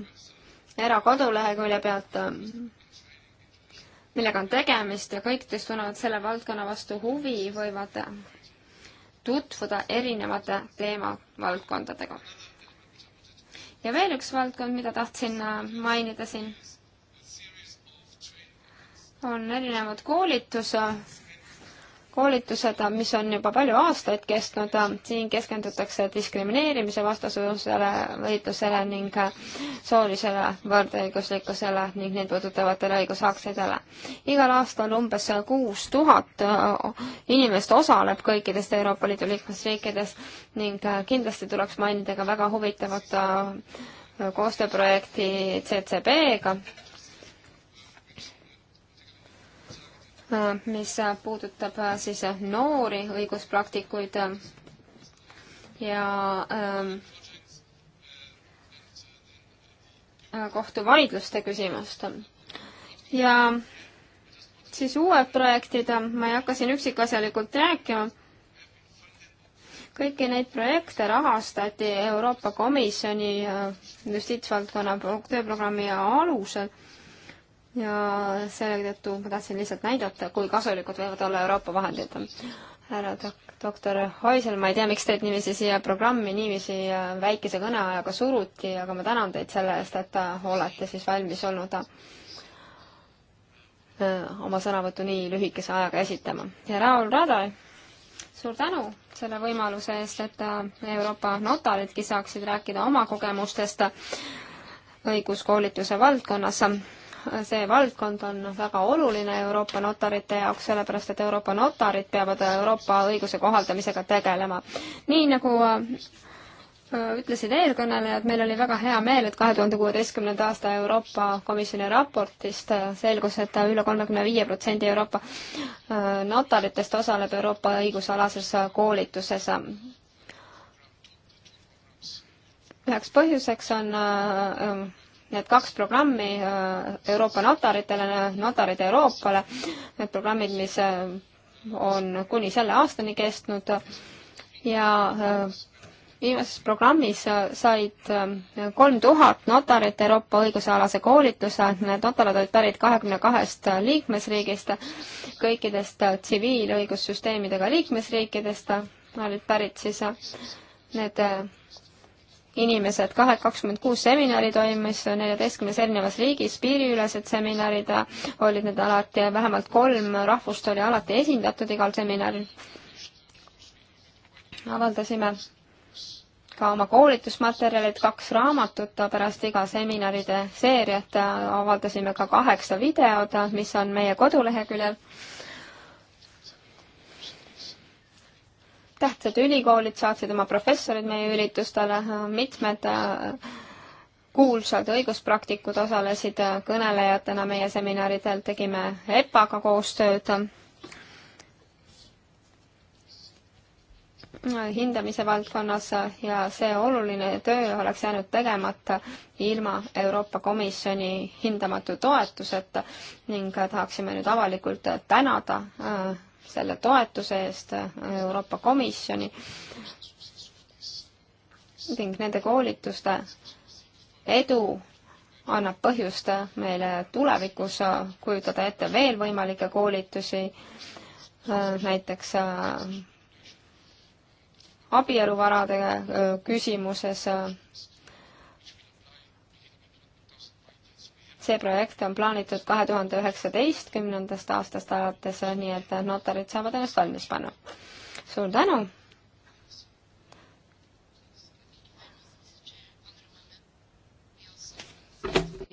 erakodulehekülje pealt, äh, millega on tegemist ja kõik, kes tunnevad selle valdkonna vastu huvi, võivad äh, tutvuda erinevate teemavaldkondadega. ja veel üks valdkond, mida tahtsin mainida siin, on erinevad koolitused koolitused, mis on juba palju aastaid kestnud, siin keskendutakse diskrimineerimise vastasusele, võitlusele ning soolisele võrdõiguslikkusele ning neid puudutavatele õigusaktidele. igal aastal umbes kuus tuhat inimest osaleb kõikidest Euroopa Liidu liikmesriikides ning kindlasti tuleks mainida ka väga huvitavat koostööprojekti CCB-ga Äh, mis äh, puudutab äh, siis noori õiguspraktikuid ja ähm, kohtuvaidluste küsimust. ja siis uued projektid, ma ei hakka siin üksikasjalikult rääkima, kõiki neid projekte rahastati Euroopa Komisjoni justiitsvaldkonna tööprogrammi alusel ja selle tõttu ma tahtsin lihtsalt näidata, kui kasulikud võivad olla Euroopa vahendid. härra dok-, doktor Haisel, ma ei tea, miks teid niiviisi siia programmi niiviisi äh, väikese kõneajaga suruti, aga ma tänan teid selle eest, et olete siis valmis olnud äh, oma sõnavõttu nii lühikese ajaga esitama. ja Raul Radal, suur tänu selle võimaluse eest, et äh, Euroopa notaridki saaksid rääkida oma kogemustest õiguskoolituse valdkonnas see valdkond on väga oluline Euroopa notarite jaoks, sellepärast et Euroopa notarid peavad Euroopa õiguse kohaldamisega tegelema. nii nagu äh, ütlesid eelkõnelejad, meil oli väga hea meel, et kahe tuhande kuueteistkümnenda aasta Euroopa Komisjoni raportist äh, selgus, et üle kolmekümne viie protsendi Euroopa äh, notaritest osaleb Euroopa õigusalases koolituses. üheks põhjuseks on Need kaks programmi äh, Euroopa notaritele, Notarid Euroopale, need programmid, mis äh, on kuni selle aastani kestnud ja äh, viimases programmis said kolm tuhat notarit Euroopa õigusealase koolituse, need notarid olid pärit kahekümne kahest liikmesriigist, kõikidest tsiviilõigussüsteemidega liikmesriikidest olid pärit siis need inimesed, kahe, kakskümmend kuus seminari toimus neljateistkümnes erinevas riigis, piiriülesed seminarid olid need alati, vähemalt kolm rahvust oli alati esindatud igal seminaril. avaldasime ka oma koolitusmaterjalid, kaks raamatut pärast iga seminaride seeriat, avaldasime ka kaheksa videot, mis on meie koduleheküljel tähtsad ülikoolid saatsid oma professorid meie üritustele, mitmed äh, kuulsad õiguspraktikud osalesid äh, kõnelejatena meie seminaridel, tegime EPA-ga koostööd. hindamise valdkonnas äh, ja see oluline töö oleks jäänud tegemata ilma Euroopa Komisjoni hindamatu toetuseta ning tahaksime nüüd avalikult tänada äh, selle toetuse eest äh, Euroopa Komisjoni ning nende koolituste edu annab põhjust meile tulevikus kujutada ette veel võimalikke koolitusi, äh, näiteks äh, abieluvarade küsimuses see projekt on plaanitud kahe tuhande üheksateistkümnendast aastast alates, nii et notarid saavad ennast valmis panna. suur tänu!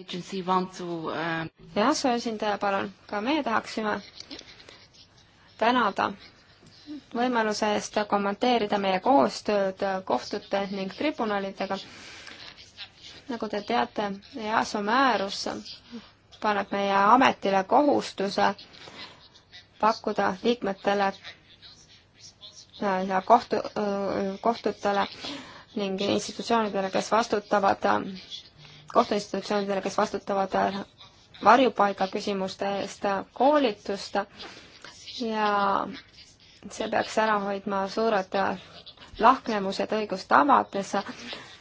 Uh, jah, su esindaja, palun, ka meie tahaksime tänada võimaluse eest kommenteerida meie koostööd kohtute ning tribunalidega nagu te teate, EASO määrus paneb meie ametile kohustuse pakkuda liikmetele ja kohtu, kohtutele ning institutsioonidele, kes vastutavad, kohtuinstitutsioonidele, kes vastutavad varjupaiga küsimuste eest koolitust ja see peaks ära hoidma suured lahknemused õigustabades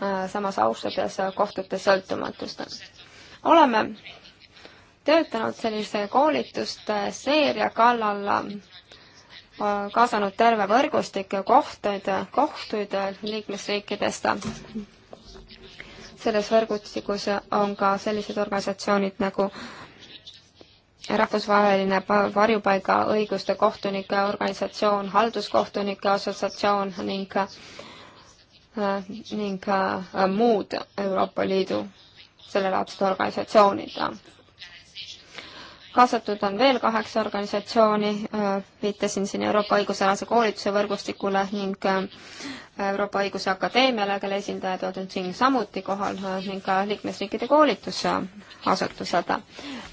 Äh, samas austades kohtute sõltumatust. oleme töötanud sellise koolituste seeria kallal, äh, kaasanud terve võrgustike kohtuid, kohtuid liikmesriikidest. selles võrgustikus on ka sellised organisatsioonid nagu rahvusvaheline varjupaiga õiguste kohtunike organisatsioon, halduskohtunike assotsiatsioon ning Äh, ning ka äh, muud Euroopa Liidu sellelaadsed organisatsioonid. kaasatud on veel kaheksa organisatsiooni, äh, viitasin siin Euroopa õigusalase koolituse võrgustikule ning Euroopa Õiguse Akadeemiale, kelle esindajad on siin samuti kohal ning ka liikmesriikide koolitusasutused.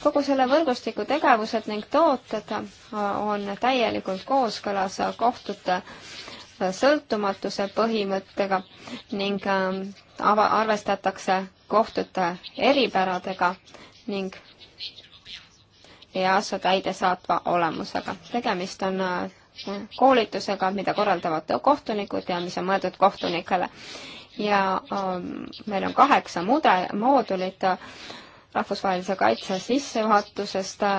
kogu selle võrgustiku tegevused ning tooted on täielikult kooskõlas kohtute sõltumatuse põhimõttega ning ähm, ava-, arvestatakse kohtute eripäradega ning EASO täidesaatva olemusega. tegemist on äh, koolitusega, mida korraldavad kohtunikud ja mis on mõeldud kohtunikele. ja ähm, meil on kaheksa mude-, moodulit rahvusvahelise kaitse sissejuhatusest äh,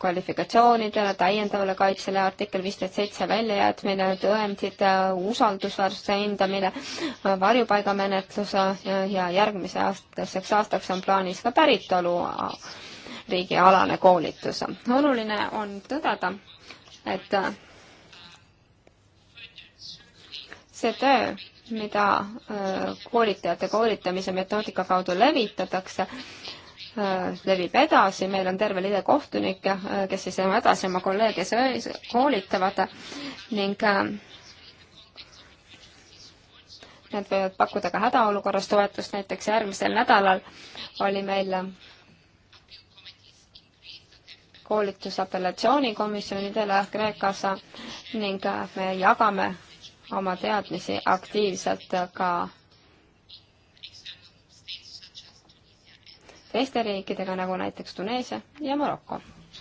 kvalifikatsioonidele, täiendavale kaitsele, artikkel viisteist seitse väljajätmine, tõendite äh, usaldusväärsuse hindamine, äh, varjupaigamenetluse ja järgmise aastaseks aastaks on plaanis ka päritolu riigialane koolitus. oluline on tõdeda, et see töö, mida koolitajate koolitamise metoodika kaudu levitatakse, Äh, levib edasi, meil on terve lide kohtunikke, äh, kes siis edasi oma kolleege koolitavad ning äh, nad võivad pakkuda ka hädaolukorras toetust, näiteks järgmisel nädalal oli meil koolitus apellatsioonikomisjonidele Kreekas ning me jagame oma teadmisi aktiivselt ka teiste riikidega, nagu näiteks Tuneesia ja Maroko.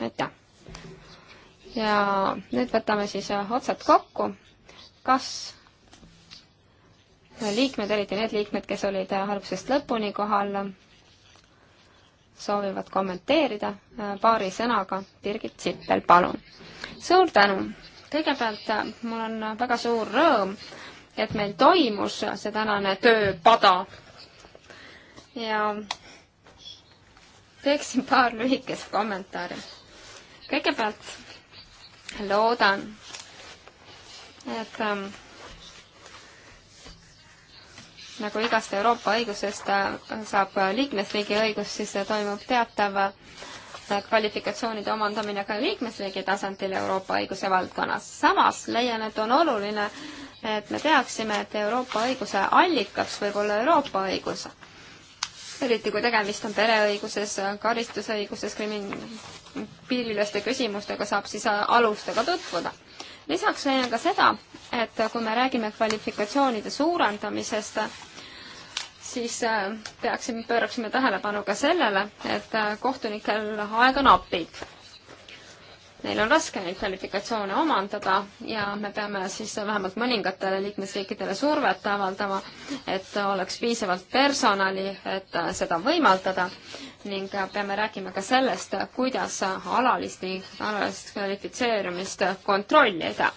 aitäh! ja nüüd võtame siis äh, otsad kokku, kas liikmed, eriti need liikmed, kes olid äh, algusest lõpuni kohal, soovivad kommenteerida äh, paari sõnaga. Birgit Sippel, palun. suur tänu. kõigepealt mul on väga suur rõõm, et meil toimus see tänane tööpada ja teeksin paar lühikest kommentaari. kõigepealt loodan, et ähm, nagu igast Euroopa õigusest äh, saab liikmesriigi õigus, siis toimub teatav äh, kvalifikatsioonide omandamine ka liikmesriigi tasandil Euroopa õiguse valdkonnas. samas leian, et on oluline, et me teaksime, et Euroopa õiguse allikaks võib olla Euroopa õigus eriti kui tegemist on pereõiguses, karistusõiguses, krimin-, piiriüleste küsimustega, saab siis alustega tutvuda. lisaks leian ka seda, et kui me räägime kvalifikatsioonide suurendamisest, siis äh, peaksime, pööraksime tähelepanu ka sellele, et äh, kohtunikel aega napib neil on raske neid kvalifikatsioone omandada ja me peame siis vähemalt mõningatele liikmesriikidele survet avaldama, et oleks piisavalt personali, et seda võimaldada ning peame rääkima ka sellest, kuidas alalisti, alalist kvalifitseerumist kontrollida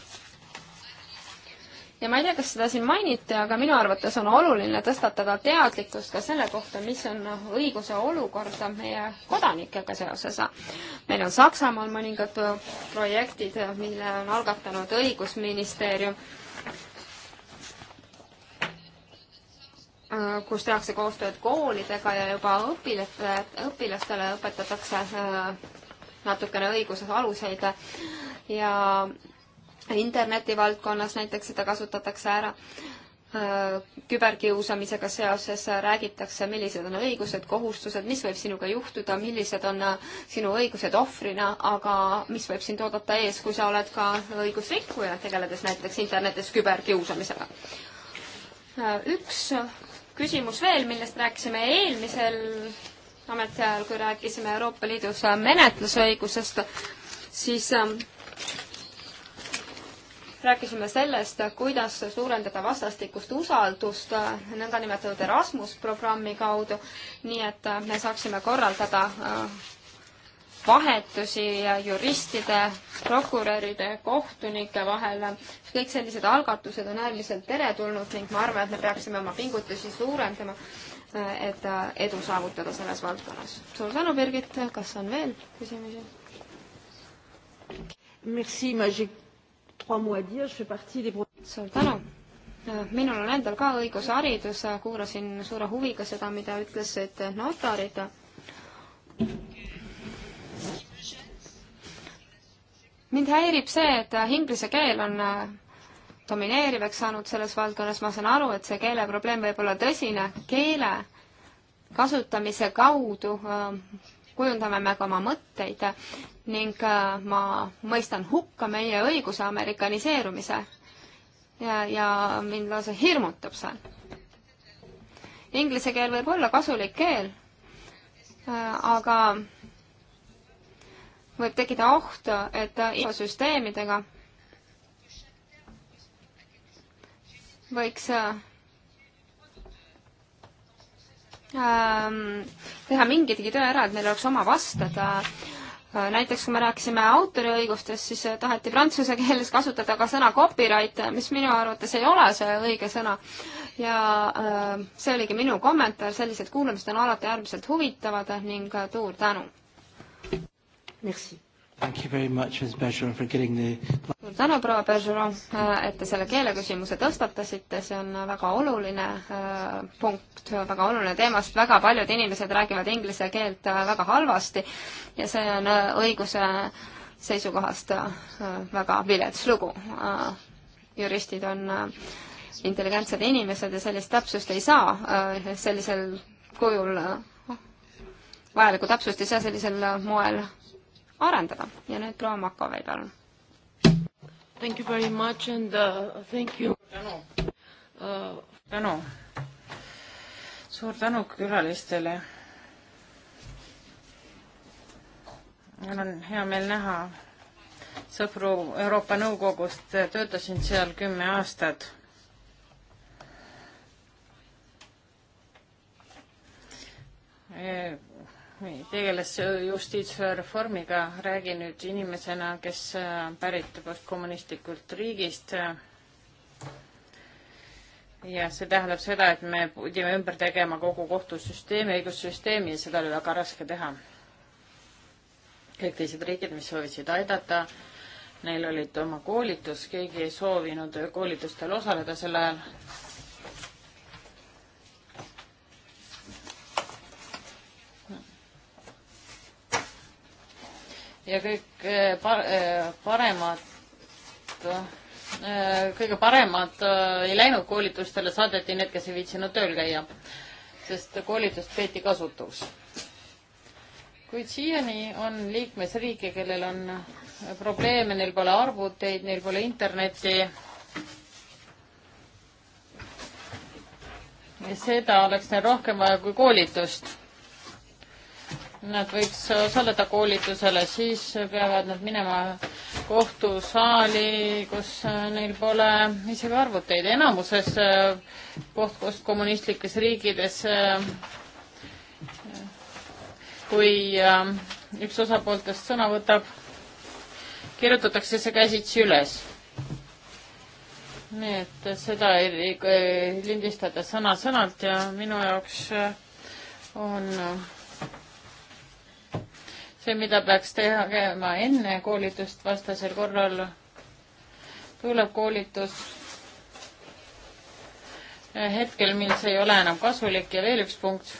ja ma ei tea, kas seda siin mainiti, aga minu arvates on oluline tõstatada teadlikkust ka selle kohta, mis on õiguse olukord meie kodanikega seoses. meil on Saksamaal mõningad projektid, mille on algatanud õigusministeerium, kus tehakse koostööd koolidega ja juba õpilaste, õpilastele õpetatakse äh, natukene õiguse aluseid ja interneti valdkonnas näiteks seda kasutatakse ära äh, küberkiusamisega seoses räägitakse, millised on õigused, kohustused, mis võib sinuga juhtuda, millised on äh, sinu õigused ohvrina, aga mis võib sind oodata ees, kui sa oled ka õigusrikkuja, tegeledes näiteks internetis küberkiusamisega. Äh, üks küsimus veel, millest rääkisime eelmisel ametiajal, kui rääkisime Euroopa Liidus menetlusõigusest, siis ähm, rääkisime sellest, kuidas suurendada vastastikust usaldust nõndanimetatud Erasmus programmi kaudu, nii et äh, me saaksime korraldada äh, vahetusi juristide, prokuröride, kohtunike vahel. kõik sellised algatused on äärmiselt teretulnud ning ma arvan, et me peaksime oma pingutusi suurendama, äh, et edu saavutada selles valdkonnas. suur tänu, Birgit, kas on veel küsimusi? Merci, Magic suur tänu! Äh, minul on endal ka õigusharidus, äh, kuulasin suure huviga seda, mida ütlesid äh, notarid. mind häirib see, et inglise keel on domineerivaks saanud selles valdkonnas, ma saan aru, et see keeleprobleem võib olla tõsine, keele kasutamise kaudu äh, kujundame me ka oma mõtteid ning äh, ma mõistan hukka meie õiguse amerikaniseerumise ja, ja mind lausa hirmutab see. Inglise keel võib olla kasulik keel, äh, aga võib tekkida oht, et infosüsteemidega võiks äh, Ähm, teha mingitegi töö ära, et meil oleks oma vastada. Äh, näiteks kui me rääkisime autoriõigustest, siis äh, taheti prantsuse keeles kasutada ka sõna copyright, mis minu arvates ei ole see õige sõna. ja ähm, see oligi minu kommentaar, sellised kuulamised on alati äärmiselt huvitavad ning suur äh, tänu. Merci suur tänu, proua Bergeron, äh, et te selle keeleküsimuse tõstatasite, see on väga oluline äh, punkt, väga oluline teemast, väga paljud inimesed räägivad inglise keelt äh, väga halvasti ja see on õiguse seisukohast väga vilets lugu. juristid on intelligentsed inimesed ja sellist täpsust ei saa sellisel kujul, vajalikku täpsust ei saa sellisel moel arendada. ja nüüd proua Makovei, palun. Thank you very much and uh, thank you. tänu uh,. tänu. suur tänu külalistele. mul on hea meel näha sõpru Euroopa Nõukogust, töötasin seal kümme aastat tegeles justiitsreformiga, räägin nüüd inimesena, kes äh, pärit postkommunistlikult riigist. ja see tähendab seda, et me pidime ümber tegema kogu kohtusüsteemi, õigussüsteemi ja seda oli väga raske teha. kõik teised riigid, mis soovisid aidata, neil olid oma koolitus, keegi ei soovinud koolitustel osaleda sel ajal ja kõik eh, eh, paremad, eh, kõige paremad ei läinud koolitustele, saadeti need, kes ei viitsinud tööl käia, sest koolitust peeti kasutuks. kuid siiani on liikmesriike, kellel on probleeme, neil pole arvuteid, neil pole internetti seda oleks neil rohkem vaja kui koolitust nad võiks osaleda koolitusele, siis peavad nad minema kohtusaali, kus neil pole isegi arvuteid. enamuses eh, koht, kus kommunistlikes riikides eh, kui eh, üks osapooltest sõna võtab, kirjutatakse see käsitsi üles. nii et seda ei lindistada sõna-sõnalt ja minu jaoks on see, mida peaks tegema enne koolitust, vastasel korral tuleb koolitus hetkel, mil see ei ole enam kasulik ja veel üks punkt.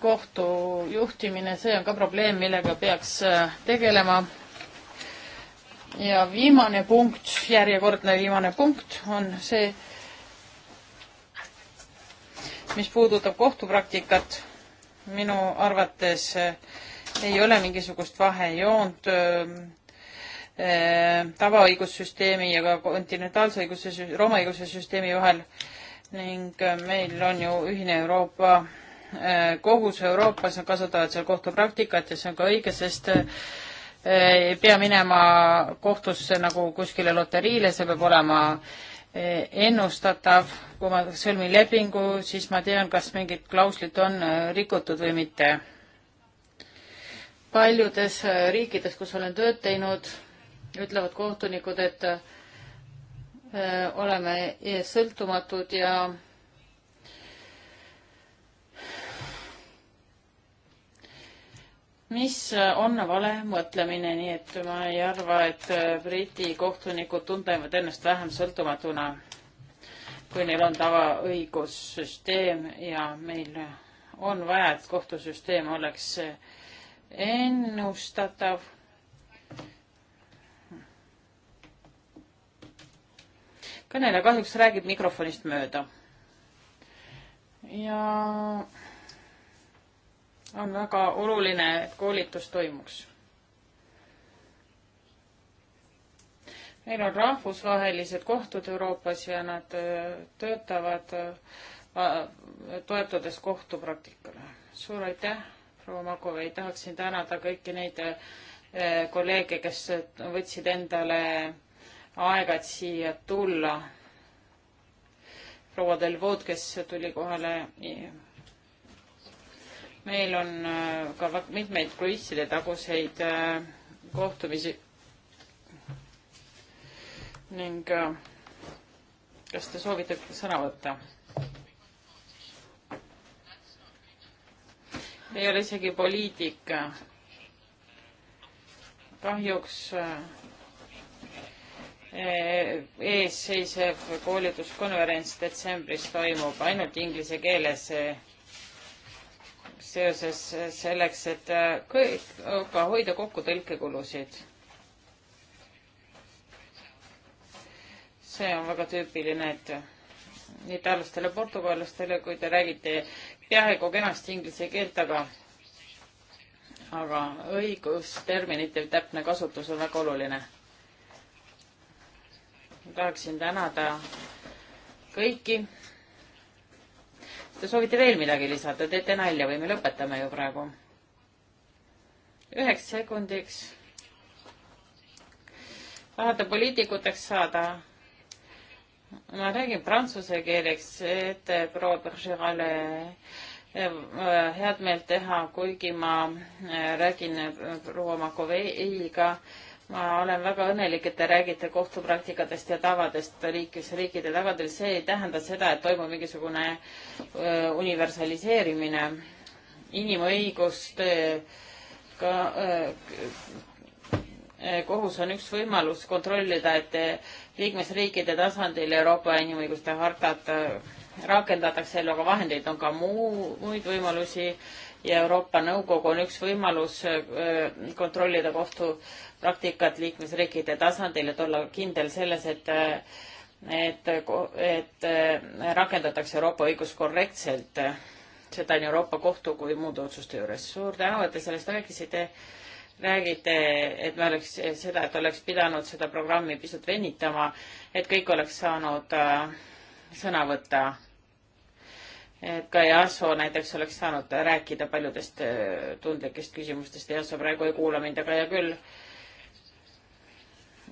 kohtu juhtimine, see on ka probleem, millega peaks äh, tegelema. ja viimane punkt, järjekordne viimane punkt on see, mis puudutab kohtupraktikat minu arvates eh, ei ole mingisugust vahejoont eh, eh, tavaõigussüsteemi ja ka kontinentaalse õiguse, Rooma õiguse süsteemi vahel ning meil on ju ühine Euroopa kohus Euroopas, nad kasutavad seal kohtupraktikat ja see on ka õige, sest ei pea minema kohtusse nagu kuskile loteriile, see peab olema äh, Eh, ennustatav, kui ma sõlmin lepingu, siis ma tean, kas mingit klauslit on eh, rikutud või mitte. paljudes eh, riikides, kus olen tööd teinud, ütlevad kohtunikud, et oleme sõltumatud ja mis äh, on vale mõtlemine, nii et ma ei arva, et äh, Briti kohtunikud tunnevad ennast vähem sõltumatuna, kui neil on tavaõigussüsteem ja meil on vaja, et kohtusüsteem oleks ennustatav. kõneleja kahjuks räägib mikrofonist mööda. ja on väga oluline, et koolitus toimuks. meil on rahvusvahelised kohtud Euroopas ja nad äh, töötavad äh, äh, toetudes kohtupraktikale. suur aitäh, proua Makovei, tahaksin tänada kõiki neid kolleege, kes võtsid endale aega, et siia tulla. proua Delvod, kes tuli kohale meil on äh, ka mitmeid kruiiside taguseid äh, kohtumisi ning äh, kas te soovite sõna võtta? ei ole isegi poliitika. kahjuks e-, eesseisev koolituskonverents detsembris toimub ainult inglise keeles seoses selleks, et äh, kõik, ka hoida kokku tõlkekulusid. see on väga tüüpiline, et itaallastele, portugallastele, kui te räägite peaaegu kenasti inglise keelt, aga aga õigusterminite täpne kasutus on väga oluline. tahaksin tänada kõiki Te soovite veel midagi lisada, teete nalja või me lõpetame ju praegu? üheks sekundiks. tahate poliitikuteks saada? ma räägin prantsuse keeleks, et proua Bergerale eh, head meelt teha, kuigi ma eh, räägin eh, proua Makoveiga ma olen väga õnnelik, et te räägite kohtupraktikatest ja tavadest liikmesriikide tagadel, see ei tähenda seda, et toimub mingisugune universaliseerimine. inimõiguste ka kohus on üks võimalus kontrollida, et liikmesriikide tasandil Euroopa inimõiguste hartat äh, rakendatakse ellu, aga vahendeid on ka muu, muid võimalusi ja Euroopa Nõukogu on üks võimalus äh, kontrollida kohtupraktikat liikmesriikide tasandil, et olla kindel selles, et et, et äh, rakendatakse Euroopa õigus korrektselt. seda nii Euroopa Kohtu kui muude otsuste juures. suur tänu, et te sellest rääkisite. räägite, et me oleks seda, et oleks pidanud seda programmi pisut venitama, et kõik oleks saanud äh, sõna võtta et ka EASO näiteks oleks saanud rääkida paljudest äh, tundlikest küsimustest. EASO praegu ei kuula mind, aga hea küll.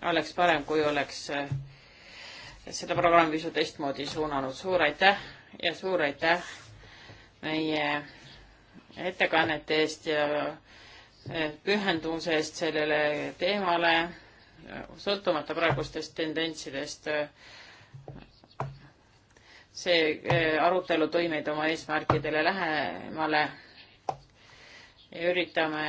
oleks parem, kui oleks äh, seda programmi pisut teistmoodi suunanud. suur aitäh ja suur aitäh meie ettekannete eest ja äh, pühendumuse eest sellele teemale, sõltumata praegustest tendentsidest see eh, arutelu tõi meid oma eesmärkidele lähemale. üritame,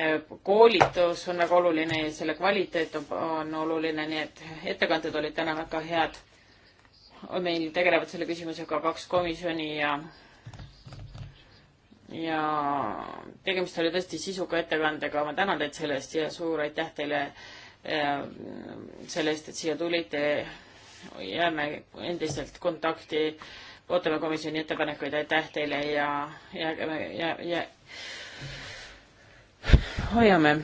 eh, koolitus on väga oluline ja selle kvaliteet on, on oluline, nii et ettekanded olid täna väga head. meil tegelevad selle küsimusega kaks komisjoni ja ja tegemist oli tõesti sisuka ettekandega, ma tänan teid selle eest ja suur aitäh teile eh, selle eest, et siia tulite jääme endiselt kontakti, ootame komisjoni ettepanekuid, aitäh teile ja, ja, ja, ja hoiame